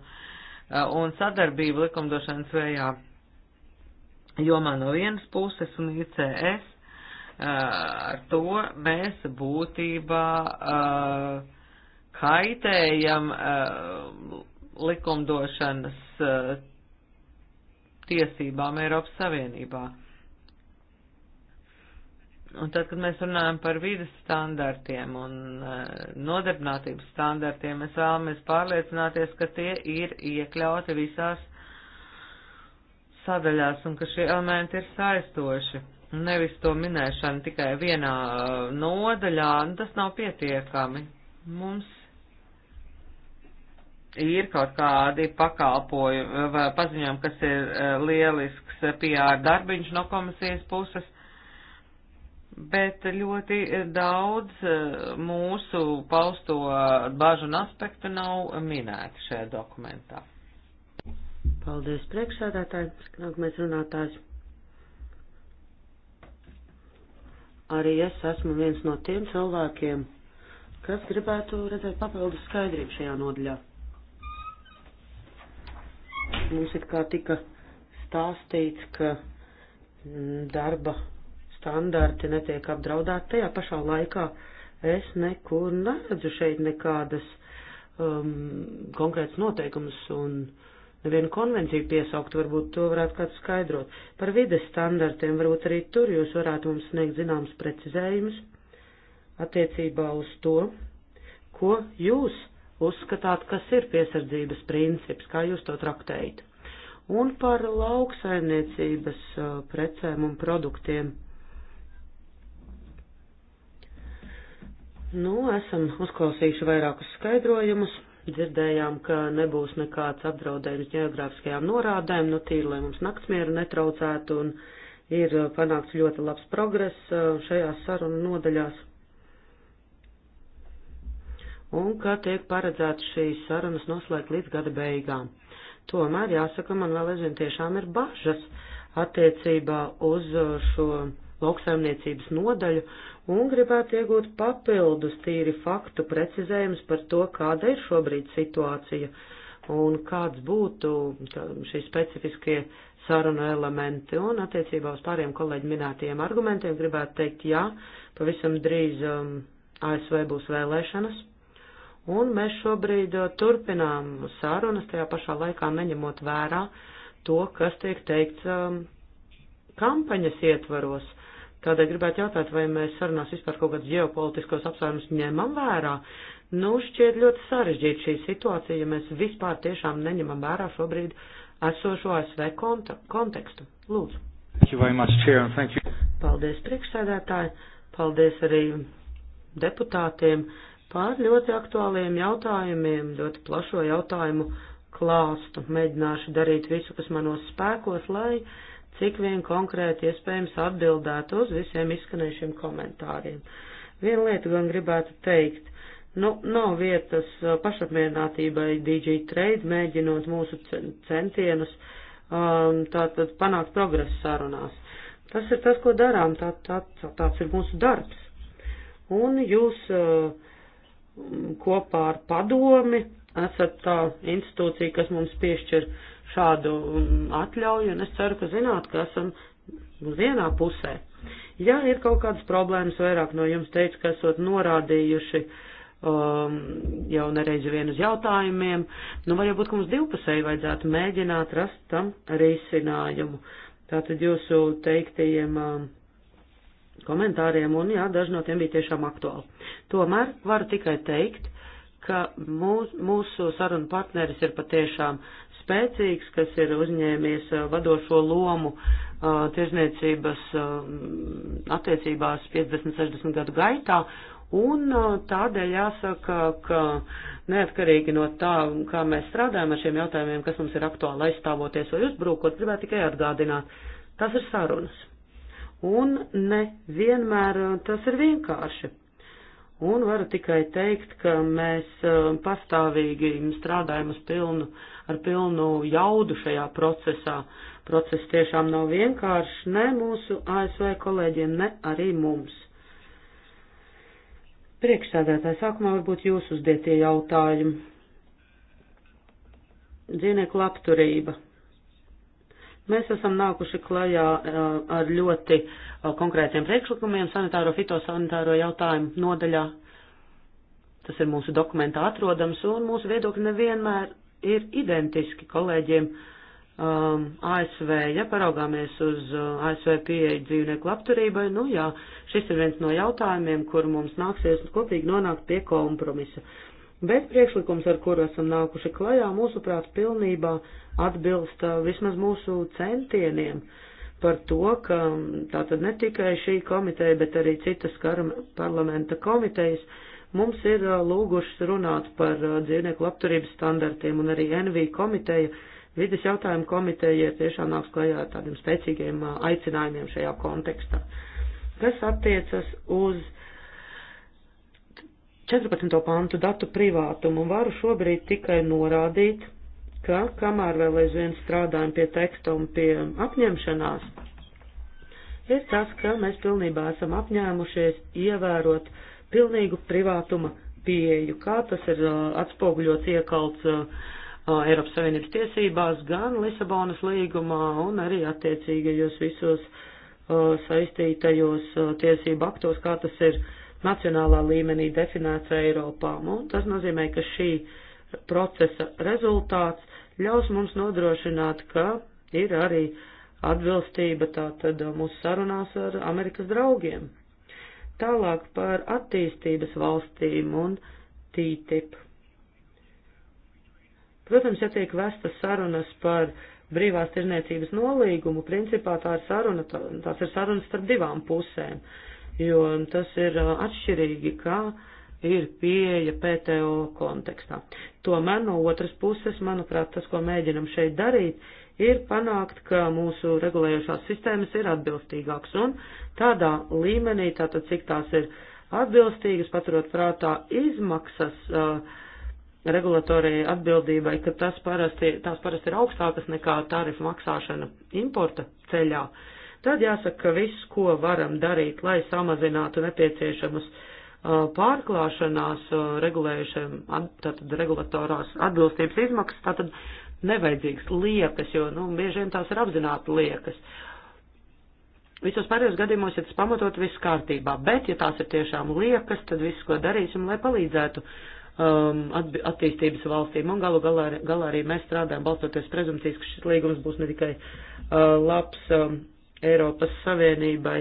Eh, un sadarbību likumdošanas vējā jomā no vienas puses un ICS, eh, ar to mēs būtībā eh, kaitējam likumdošanas tiesībām Eiropas Savienībā. Un tad, kad mēs runājam par vidas standartiem un eh, nodarbinātības standartiem, mēs vēlamies pārliecināties, ka tie ir iekļauti visās sadaļās un ka šie elementi ir saistoši. Nevis to minēšana tikai vienā eh, nodaļā, nu, tas nav pietiekami. Mums ir kaut kādi pakalpojumi eh, vai paziņojumi, kas ir lielisks PR darbiņš no komisijas puses bet ļoti daudz eh, mūsu pausto bažu un aspektu nav minēti šajā dokumentā. Paldies, priekšsēdētāji. Nākamais runātājs. Arī es esmu viens no tiem cilvēkiem, kas gribētu redzēt papildus skaidrību šajā nodaļā. Mums it kā tika stāstīts, ka mm, darba standarti netiek apdraudēti. Tajā pašā laikā es nekur neredzu šeit nekādas um, konkrētas noteikumus un nevienu konvenciju piesaukt, varbūt to varētu kāds skaidrot. Par vides standartiem varbūt arī tur jūs varētu mums sniegt zināmas precizējumus attiecībā uz to, ko jūs uzskatāt, kas ir piesardzības princips, kā jūs to traktējat. Un par lauksaimniecības uh, precēm un produktiem Nu, esam uzklausījuši vairākus skaidrojumus, dzirdējām, ka nebūs nekāds apdraudējums ģeogrāfiskajām norādēm, nu tīri, lai mums naktsmieru netraucētu, un ir uh, panākts ļoti labs progress uh, šajās sarunu nodaļās. Un kā tiek paredzēts šīs sarunas noslēgt līdz gada beigām. Tomēr, jāsaka, man vēl aizvien tiešām ir bažas attiecībā uz uh, šo lauksaimniecības nodaļu un gribētu iegūt papildus tīri faktu precizējums par to, kāda ir šobrīd situācija un kāds būtu šī specifiskie sarunu elementi. Un attiecībā uz pāriem kolēģi minētajiem argumentiem gribētu teikt, jā, pavisam drīz um, ASV būs vēlēšanas. Un mēs šobrīd uh, turpinām sarunas, tajā pašā laikā neņemot vērā to, kas tiek teikts um, kampaņas ietvaros Tādēļ gribētu jautāt, vai mēs sarunās vispār kaut kādus ģeopolitiskos apsvērumus ņemam vērā. Nu, šķiet ļoti sarežģīta šī situācija, ja mēs vispār tiešām neņemam vērā šobrīd esošo ASV kontekstu. Lūdzu. Thank you very much, Chair, and thank you. Paldies priekšsēdētāji, paldies arī deputātiem par ļoti aktuāliem jautājumiem, ļoti plašo jautājumu klāstu. Mēģināšu darīt visu, kas manos spēkos, lai cik vien konkrēti iespējams atbildēt uz visiem izskanējušiem komentāriem. Vienu lietu gan gribētu teikt. Nu, nav vietas uh, pašapmierinātībai DJ Trade, mēģinot mūsu centienus um, tātad panākt progresu sarunās. Tas ir tas, ko darām, tā, tā, tāds ir mūsu darbs. Un jūs uh, kopā ar padomi esat tā institūcija, kas mums piešķir uh, šādu um, atļauju, un es ceru, ka zināt, ka esam vienā pusē. Ja ir kaut kādas problēmas, vairāk no jums teica, ka esot norādījuši um, jau nereiz vien uz jautājumiem, nu varbūt, ka mums divpusēji vajadzētu mēģināt rast tam risinājumu. Tātad jūsu teiktajiem um, komentāriem, un jā, daži no tiem bija tiešām aktuāli. Tomēr varu tikai teikt, ka mūs, mūsu sarunu partneris ir patiešām spēcīgs, kas ir uzņēmies uh, vadošo lomu uh, tirzniecības um, attiecībās 50-60 gadu gaitā, Un uh, tādēļ jāsaka, ka neatkarīgi no tā, kā mēs strādājam ar šiem jautājumiem, kas mums ir aktuāli aizstāvoties vai uzbrūkot, gribētu tikai atgādināt, tas ir sarunas. Un ne vienmēr tas ir vienkārši. Un varu tikai teikt, ka mēs um, pastāvīgi strādājam uz pilnu, ar pilnu jaudu šajā procesā. Process tiešām nav vienkāršs ne mūsu ASV kolēģiem, ne arī mums. Priekšsēdētāji, sākumā varbūt jūs uzdietie jautājumi. Dzīvnieku labturība Mēs esam nākuši klajā ar ļoti konkrētiem priekšlikumiem sanitāro fitosanitāro jautājumu nodaļā. Tas ir mūsu dokumentā atrodams, un mūsu viedokļi nevienmēr ir identiski kolēģiem um, ASV, ja paraugāmies uz uh, ASV pieeja dzīvnieku labturībai, nu jā, šis ir viens no jautājumiem, kur mums nāksies kopīgi nonākt pie kompromisa bet priekšlikums, ar kuru esam nākuši klajā, mūsuprāt, pilnībā atbilst vismaz mūsu centieniem par to, ka tātad ne tikai šī komiteja, bet arī citas parlamenta komitejas mums ir lūgušas runāt par dzīvnieku labturības standartiem un arī NV komiteja. Vides jautājumu komiteja ir tiešām nāks klajā ar tādiem spēcīgiem aicinājumiem šajā kontekstā, kas attiecas uz uh, 14. pantu datu privātumu varu šobrīd tikai norādīt, ka kamēr vēl aizvien strādājam pie teksta un pie apņemšanās, ir tas, ka mēs pilnībā esam apņēmušies ievērot pilnīgu privātuma pieeju, kā tas ir atspoguļots iekalts Eiropas Savienības tiesībās, gan Lisabonas līgumā un arī attiecīgajos visos saistītajos tiesību aktos, kā tas ir nacionālā līmenī definēts Eiropā. Nu, un tas nozīmē, ka šī procesa rezultāts ļaus mums nodrošināt, ka ir arī atbilstība tātad mūsu sarunās ar Amerikas draugiem. Tālāk par attīstības valstīm un TTIP. Protams, ja tiek vestas sarunas par brīvās tirzniecības nolīgumu, principā tā ir saruna, tā, tās ir sarunas starp divām pusēm. Uh, jo tas ir uh, atšķirīgi, kā ir pieeja PTO kontekstā. Tomēr no otras puses, manuprāt, tas, ko mēģinam šeit darīt, ir panākt, ka mūsu regulējušās sistēmas ir atbilstīgākas un tādā līmenī, tātad cik tās ir atbilstīgas, paturot prātā izmaksas uh, regulatorijai atbildībai, ka tas parasti, tās parasti ir augstākas nekā tarifu maksāšana importa ceļā. Uh, tad jāsaka, ka viss, ko varam darīt, lai samazinātu nepieciešamas uh, pārklāšanās uh, regulējušiem, tātad regulatorās atbilstības izmaksas, tātad nevajadzīgas liekas, jo, nu, bieži vien tās ir apzināti liekas. Visos pārējos gadījumos, ja tas pamatot, viss kārtībā, bet, ja tās ir tiešām liekas, tad viss, ko darīsim, lai palīdzētu um, attīstības valstīm, un galu galā, galā arī mēs strādājam, balstoties prezumcijas, ka šis līgums būs ne tikai uh, labs um, Eiropas Savienībai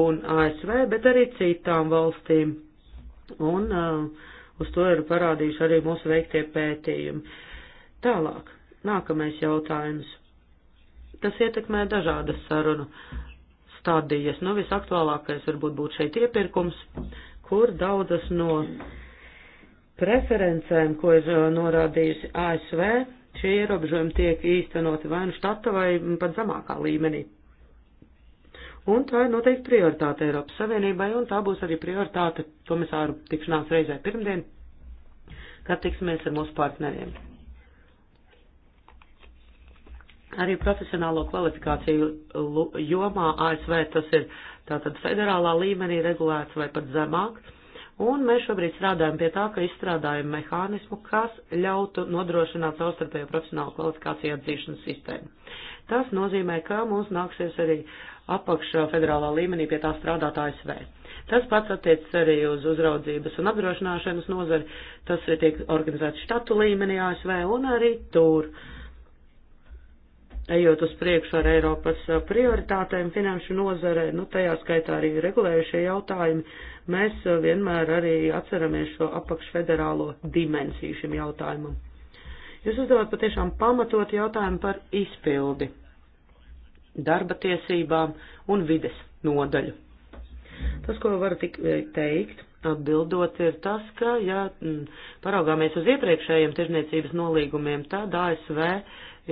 un ASV, bet arī citām valstīm. Un uh, uz to ir parādījuši arī mūsu veiktie pētījumi. Tālāk, nākamais jautājums. Tas ietekmē dažādas sarunu stadijas. Nu, visaktuālākais varbūt būtu šeit iepirkums, kur daudzas no preferencēm, ko ir uh, norādījusi ASV, šie ierobežojumi tiek īstenoti vai nu štata vai pat zemākā līmenī. Un tā ir noteikti prioritāte Eiropas Savienībai, un tā būs arī prioritāte komisāru tikšanās reizē pirmdien, kad tiksimies ar mūsu partneriem. Arī profesionālo kvalifikāciju jomā ASV tas ir tātad federālā līmenī regulēts vai pat zemāk, un mēs šobrīd strādājam pie tā, ka izstrādājam mehānismu, kas ļautu nodrošināt savstarpējo profesionālo kvalifikāciju atzīšanas sistēmu. Tas nozīmē, ka mums nāksies arī apakšā federālā līmenī pie tā strādāt ASV. Tas pats attiecas arī uz uzraudzības un apdrošināšanas nozari. Tas ir tiek organizēts štatu līmenī ASV un arī tur. Ejot uz priekšu ar Eiropas prioritātēm finanšu nozarē, nu tajā skaitā arī regulējušie jautājumi, mēs vienmēr arī atceramies šo apakšfederālo dimensiju šim jautājumam. Jūs uzdevāt patiešām pamatot jautājumu par izpildi, darba tiesībām un vides nodaļu. Tas, ko varu tik eh, teikt, atbildot, ir tas, ka, ja mm, paraugāmies uz iepriekšējiem tirzniecības nolīgumiem, tad ASV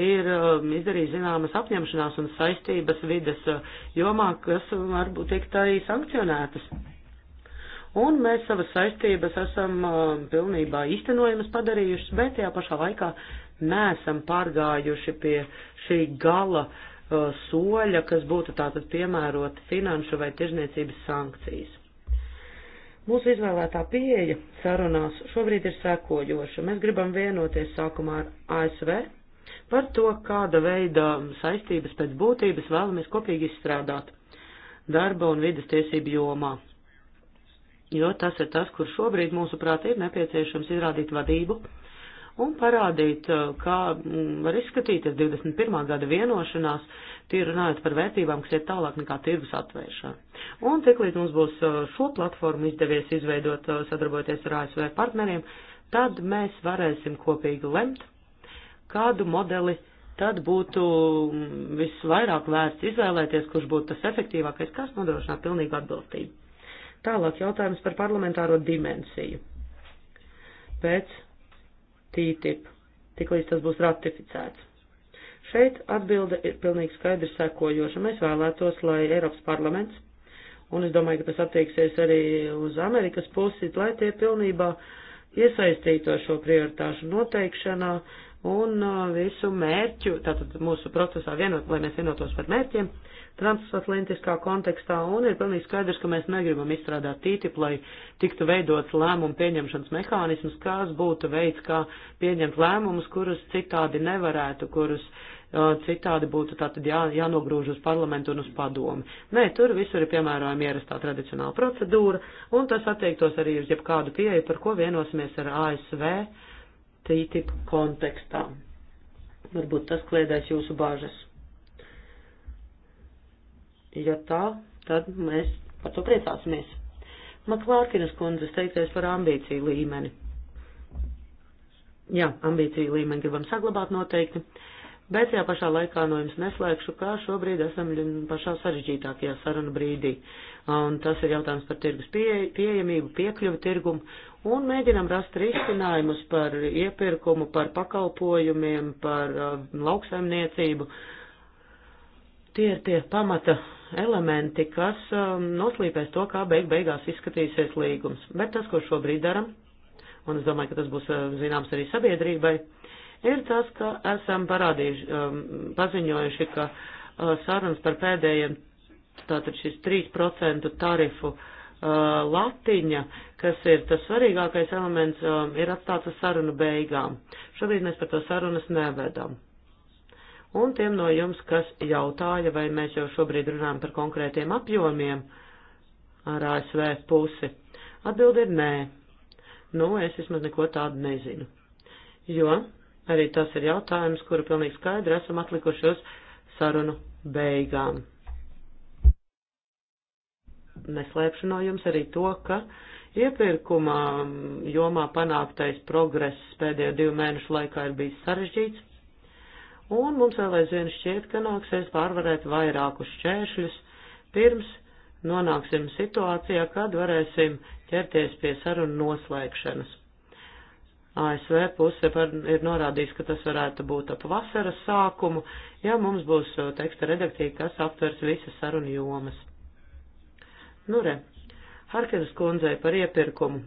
ir um, izdarījis zināmas apņemšanās un saistības vides uh, jomā, kas varbūt tiek arī sankcionētas un mēs savas saistības esam uh, pilnībā īstenojamas padarījušas, bet tajā pašā laikā neesam pārgājuši pie šī gala uh, soļa, kas būtu tātad piemērot finanšu vai tirzniecības sankcijas. Mūsu izvēlētā pieeja sarunās šobrīd ir sekojoša. Mēs gribam vienoties sākumā ar ASV par to, kāda veida saistības pēc būtības vēlamies kopīgi izstrādāt darba un vidas tiesību jomā, jo tas ir tas, kur šobrīd, mūsuprāt, ir nepieciešams izrādīt vadību un parādīt, uh, kā mm, var izskatīties 21. gada vienošanās, tīri runājot par vērtībām, kas iet tālāk nekā tirgus atvēršana. Un tiklīdz mums būs uh, šo platformu izdevies izveidot, uh, sadarbojoties ar ASV partneriem, tad mēs varēsim kopīgi lemt, kādu modeli tad būtu mm, visvairāk vērts izvēlēties, kurš būtu tas efektīvākais, kas nodrošinā pilnīgu atbilstību. Tālāk jautājums par parlamentāro dimensiju. Pēc TTIP, tiklīdz tas būs ratificēts. Šeit atbilde ir pilnīgi skaidri sekojoša. Mēs vēlētos, lai Eiropas parlaments, un es domāju, ka tas attieksies arī uz Amerikas pusi, lai tie pilnībā iesaistīto šo prioritāšu noteikšanā, un uh, visu mērķu, tātad mūsu procesā vienot, lai mēs vienotos par mērķiem transatlantiskā kontekstā, un ir pilnīgi skaidrs, ka mēs negribam izstrādāt tītip, lai tiktu veidots lēmumu pieņemšanas mehānisms, kas būtu veids, kā pieņemt lēmumus, kurus citādi nevarētu, kurus uh, citādi būtu tātad jā, jānogrūž uz parlamentu un uz padomu. Nē, tur visur ir piemērojama ierastā tradicionāla procedūra, un tas attiektos arī uz jebkādu pieeju, par ko vienosimies ar ASV TTIP kontekstā. Varbūt tas kliedēs jūsu bāžas. Ja tā, tad mēs par to priecāsimies. Maklārkinas kundzes teiktais par ambīciju līmeni. Jā, ambīciju līmeni gribam saglabāt noteikti, bet tajā pašā laikā no jums neslēgšu, kā šobrīd esam pašā sarežģītākajā saruna brīdī. Un tas ir jautājums par tirgus pie, pieejamību, piekļuvu tirgumu un mēģinam rast risinājumus par iepirkumu, par pakalpojumiem, par uh, lauksaimniecību. Tie ir tie pamata elementi, kas um, noslīpēs to, kā beig beigās izskatīsies līgums. Bet tas, ko šobrīd daram, un es domāju, ka tas būs uh, zināms arī sabiedrībai, ir tas, ka esam parādījuši, um, paziņojuši, ka uh, sarunas par pēdējiem, tātad šis 3% tarifu uh, uh, latiņa, kas ir tas svarīgākais elements, um, ir atstāts uz sarunu beigām. Šobrīd mēs par to sarunas nevedam. Un tiem no jums, kas jautāja, vai mēs jau šobrīd runājam par konkrētiem apjomiem ar ASV pusi, atbildi ir nē. Nu, es vismaz neko tādu nezinu. Jo arī tas ir jautājums, kuru pilnīgi skaidri esam atlikuši uz sarunu beigām neslēpšu no jums arī to, ka iepirkuma jomā panāktais progress pēdējo divu mēnešu laikā ir bijis sarežģīts, un mums vēl aizvien šķiet, ka nāksies pārvarēt vairākus šķēršļus, pirms nonāksim situācijā, kad varēsim ķerties pie sarunu noslēgšanas. ASV puse par, ir norādījis, ka tas varētu būt ap vasaras sākumu, ja mums būs teksta redakcija, kas aptvers visas sarunu jomas. Nu, re, Harkeras kundzei par iepirkumu.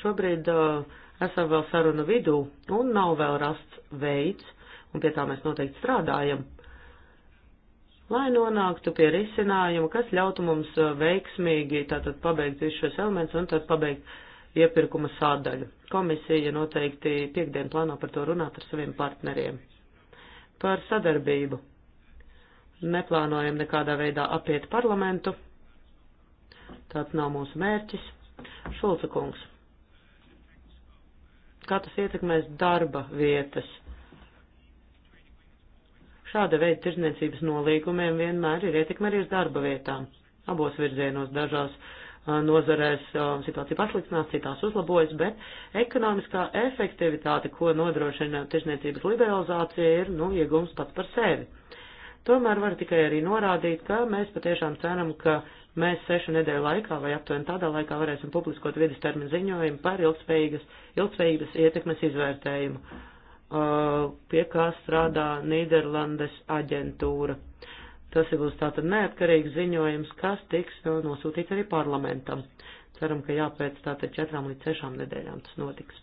Šobrīd uh, esam vēl sarunu vidū un nav vēl rasts veids, un pie tā mēs noteikti strādājam, lai nonāktu pie risinājuma, kas ļautu mums eh, veiksmīgi tātad pabeigt visus šos elementus un tad pabeigt iepirkuma sādaļu. Komisija noteikti piekdien plāno par to runāt ar saviem partneriem. Par sadarbību neplānojam nekādā veidā apiet parlamentu. Tāds nav mūsu mērķis. Šulca kungs. Kā tas ietekmēs darba vietas? Šāda veida tirzniecības nolīgumiem vienmēr ir ietekme arī uz darba vietām. Abos virzienos dažās uh, nozarēs uh, situācija pasliktinās, citās uzlabojas, bet ekonomiskā efektivitāte, ko nodrošina tirzniecības liberalizācija, ir, nu, iegums pats par sevi. Uh, Tomēr var tikai arī norādīt, ka mēs patiešām ceram, ka mēs sešu nedēļu laikā vai aptuveni tādā laikā varēsim publiskot vidustermiņu ziņojumu par ilgspējīgas, ilgspējības ietekmes izvērtējumu, uh, pie kā strādā Nīderlandes aģentūra. Tas ir būs tātad neatkarīgs ziņojums, kas tiks uh, nosūtīts arī parlamentam. Ceram, ka jāpēc tātad četrām līdz sešām nedēļām tas notiks.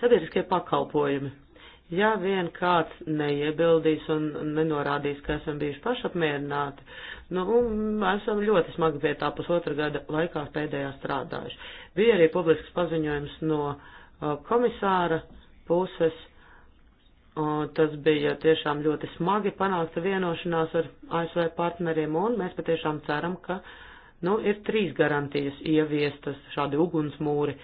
Sabiedriskie pakalpojumi. Ja vien kāds neiebildīs un nenorādīs, ka esam bijuši pašapmierināti, nu, esam ļoti smagi pie tā pusotra gada laikā pēdējā strādājuši. Bija arī publisks paziņojums no uh, komisāra puses, tas bija tiešām ļoti smagi panākta vienošanās ar ASV partneriem, un mēs patiešām ceram, ka, nu, ir trīs garantijas ieviestas šādi ugunsmūri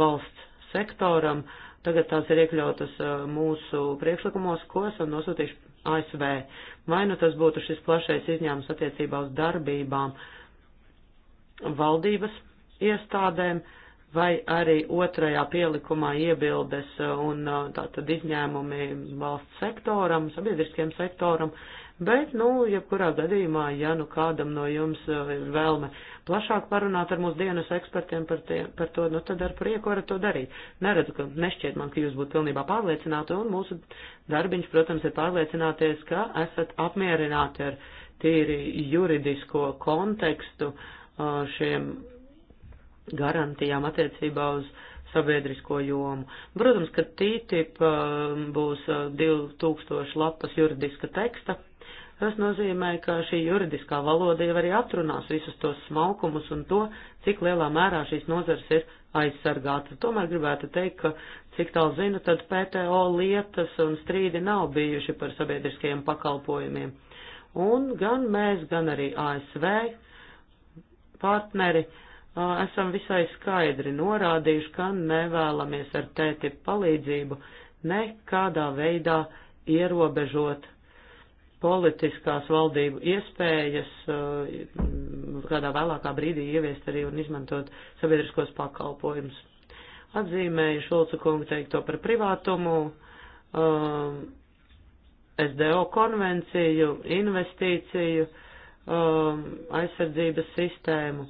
valsts sektoram. Uh, Tagad tās ir iekļautas uh, mūsu priekšlikumos, ko esam nosūtījuši ASV. Vai nu tas būtu šis plašais izņēmums attiecībā uz darbībām valdības iestādēm, vai arī otrajā pielikumā iebildes uh, un uh, tātad izņēmumi valsts sektoram, sabiedriskajam sektoram, Bet, nu, jebkurā gadījumā, ja nu kādam no jums uh, ir vēlme plašāk parunāt ar mūsu dienas ekspertiem par, tie, par to, nu tad ar prieku varat to darīt. Neredzu, ka nešķiet man, ka jūs būtu pilnībā pārliecināti, un mūsu darbiņš, protams, ir pārliecināties, ka esat apmierināti ar tīri juridisko kontekstu uh, šiem garantijām attiecībā uz sabiedrisko jomu. Protams, ka TTIP uh, būs 2000 lapas juridiska teksta, Tas nozīmē, ka šī juridiskā valoda jau arī atrunās visus tos smalkumus un to, cik lielā mērā šīs nozars ir aizsargātas. Tomēr gribētu teikt, ka, cik tālu zinu, tad PTO lietas un strīdi nav bijuši par sabiedriskajiem pakalpojumiem. Un gan mēs, gan arī ASV partneri esam visai skaidri norādījuši, ka nevēlamies ar tēti palīdzību nekādā veidā ierobežot politiskās valdību iespējas uh, kādā vēlākā brīdī ieviest arī un izmantot sabiedriskos pakalpojumus. Atzīmēju Šulca kungu teikto par privātumu, um, SDO konvenciju, investīciju, um, aizsardzības sistēmu.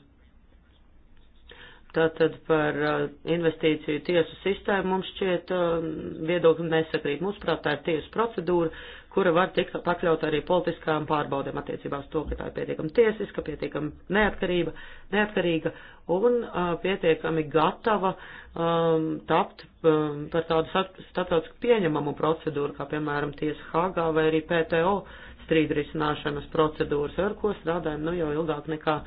Tātad par uh, investīciju tiesu sistēmu mums šķiet um, viedokļi nesakrīt. Mūsuprāt, tā ir tiesu procedūra, kura var tikt pakļaut arī politiskām pārbaudēm attiecībā uz to, ka tā ir pietiekami tiesiska, pietiekami neatkarība, neatkarīga un uh, pietiekami gatava um, tapt um, par tādu starptautisku pieņemamu procedūru, kā piemēram tiesa Hāgā vai arī PTO strīdu risināšanas procedūras, ar ko strādājam nu jau ilgāk nekā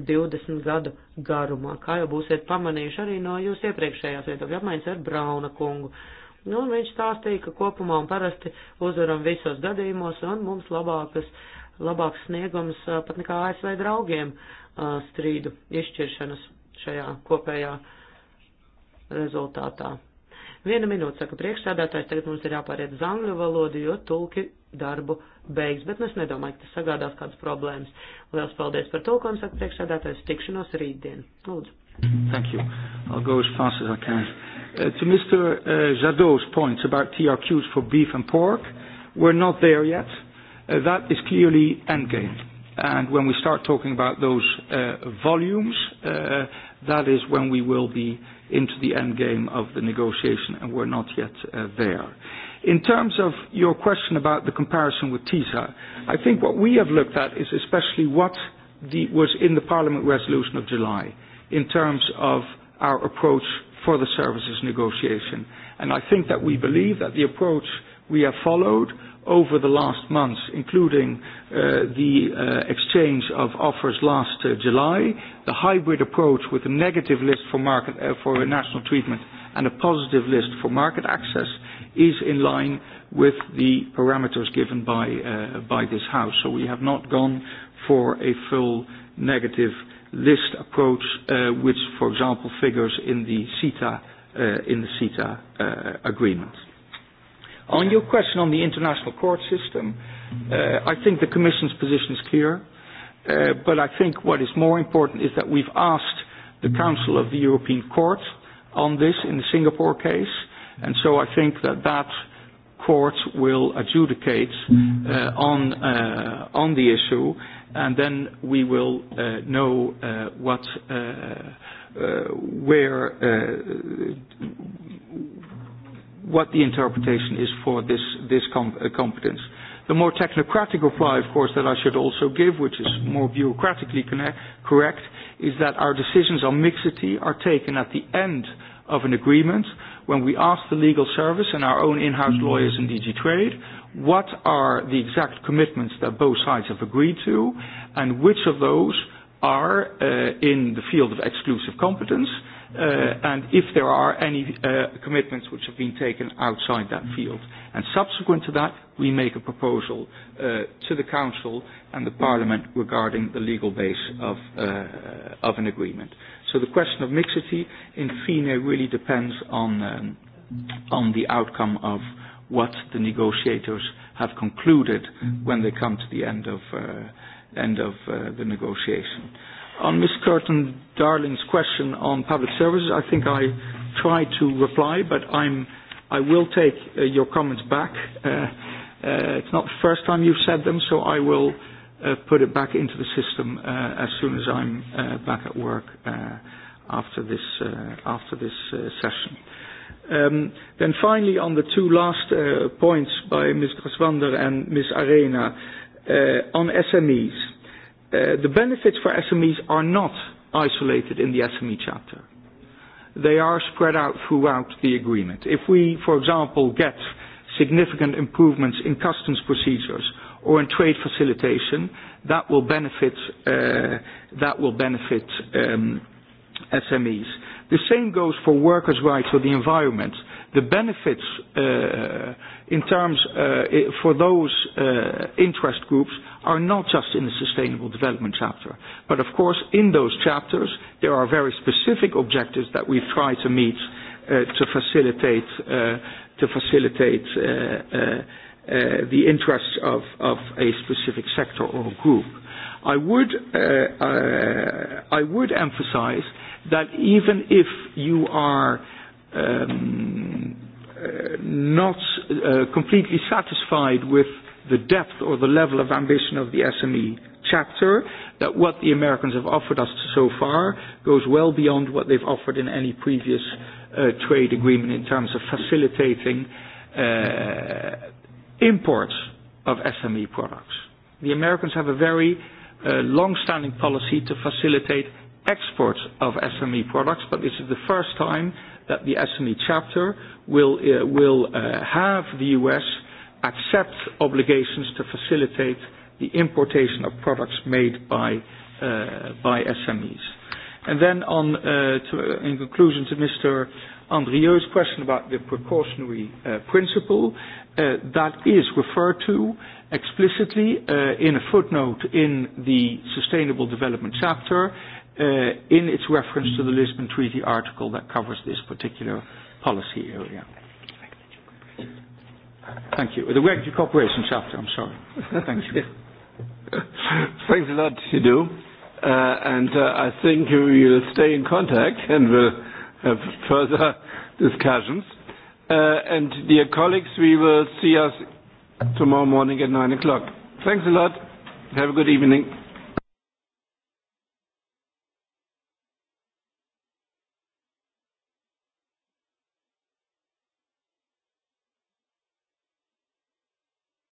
20 gadu garumā, kā jau būsiet pamanījuši arī no jūsu iepriekšējās viedokļa apmaiņas ar Brauna kungu. Uh, Nu, viņš stāstīja, ka kopumā un parasti uzvaram visos gadījumos un mums labākas, labāks sniegums pat nekā ASV draugiem strīdu izšķiršanas šajā kopējā rezultātā. Viena minūte, saka priekšsādātājs, tagad mums ir jāpāriet uz angļu valodu, jo tulki darbu beigs, bet nu es nedomāju, ka tas sagādās kādas problēmas. Lielas paldies par tulkojumu, saka priekšsādātājs, tikšanos rītdien. Lūdzu. Thank you. I'll go as fast as I can. Uh, to Mr. Uh, Jadot's points about TRQs for beef and pork, we're not there yet. Uh, that is clearly endgame. And when we start talking about those uh, volumes, uh, that is when we will be into the endgame of the negotiation, and we're not yet uh, there. In terms of your question about the comparison with TISA, I think what we have looked at is especially what the, was in the Parliament resolution of July in terms of our approach for the services negotiation. And I think that we believe that the approach we have followed over the last months, including uh, the uh, exchange of offers last uh, July, the hybrid approach with a negative list for, market, uh, for national treatment and a positive list for market access, is in line with the parameters given by, uh, by this House. So we have not gone for a full negative list list approach, uh, which, for example, figures in the CETA, uh, in the CETA uh, agreement. On your question on the international court system, uh, I think the Commission's position is clear, uh, but I think what is more important is that we've asked the Council of the European Court on this in the Singapore case, and so I think that that court will adjudicate uh, on, uh, on the issue, and then we will uh, know uh, what, uh, uh, where, uh, what the interpretation is for this, this com- uh, competence. The more technocratic reply, of course, that I should also give, which is more bureaucratically connect, correct, is that our decisions on mixity are taken at the end of an agreement when we ask the legal service and our own in-house lawyers in DG Trade what are the exact commitments that both sides have agreed to, and which of those are uh, in the field of exclusive competence, uh, and if there are any uh, commitments which have been taken outside that field. And subsequent to that, we make a proposal uh, to the Council and the Parliament regarding the legal base of, uh, of an agreement. So the question of mixity in FINE really depends on, um, on the outcome of uh, what the negotiators have concluded mm-hmm. when they come to the end of, uh, end of uh, the negotiation. On Ms. Curtin Darling's question on public services, I think I tried to reply, but I'm, I will take uh, your comments back. Uh, uh, it's not the first time you've said them, so I will uh, put it back into the system uh, as soon as I'm uh, back at work uh, after this, uh, after this uh, session. Um, then finally, on the two last uh, points by Ms. Graswander and Ms. Arena uh, on SMEs. Uh, the benefits for SMEs are not isolated in the SME chapter. They are spread out throughout the agreement. If we, for example, get significant improvements in customs procedures or in trade facilitation, that will benefit, uh, that will benefit um, SMEs. The same goes for workers' rights or the environment. The benefits uh, in terms uh, for those uh, interest groups are not just in the sustainable development chapter. But of course, in those chapters, there are very specific objectives that we try to meet uh, to facilitate, uh, to facilitate uh, uh, uh, the interests of, of a specific sector or group. I would, uh, uh, I would emphasize that even if you are um, uh, not uh, completely satisfied with the depth or the level of ambition of the SME chapter, that what the Americans have offered us so far goes well beyond what they've offered in any previous uh, trade agreement in terms of facilitating uh, imports of SME products. The Americans have a very uh, long-standing policy to facilitate exports of SME products, but this is the first time that the SME chapter will, uh, will uh, have the U.S. accept obligations to facilitate the importation of products made by, uh, by SMEs. And then on, uh, to, in conclusion to Mr. Andrieu's question about the precautionary uh, principle, uh, that is referred to explicitly in a footnote in the Sustainable Development chapter uh, in its reference to the Lisbon Treaty article that covers this particular policy area. Thank you. The regulatory cooperation chapter, I'm sorry. Thank you. Thanks a lot, Hido. Uh, and uh, I think we'll stay in contact and we'll have further discussions. Uh, and dear colleagues, we will see us tomorrow morning at 9 o'clock. Thanks a lot. Have a good evening.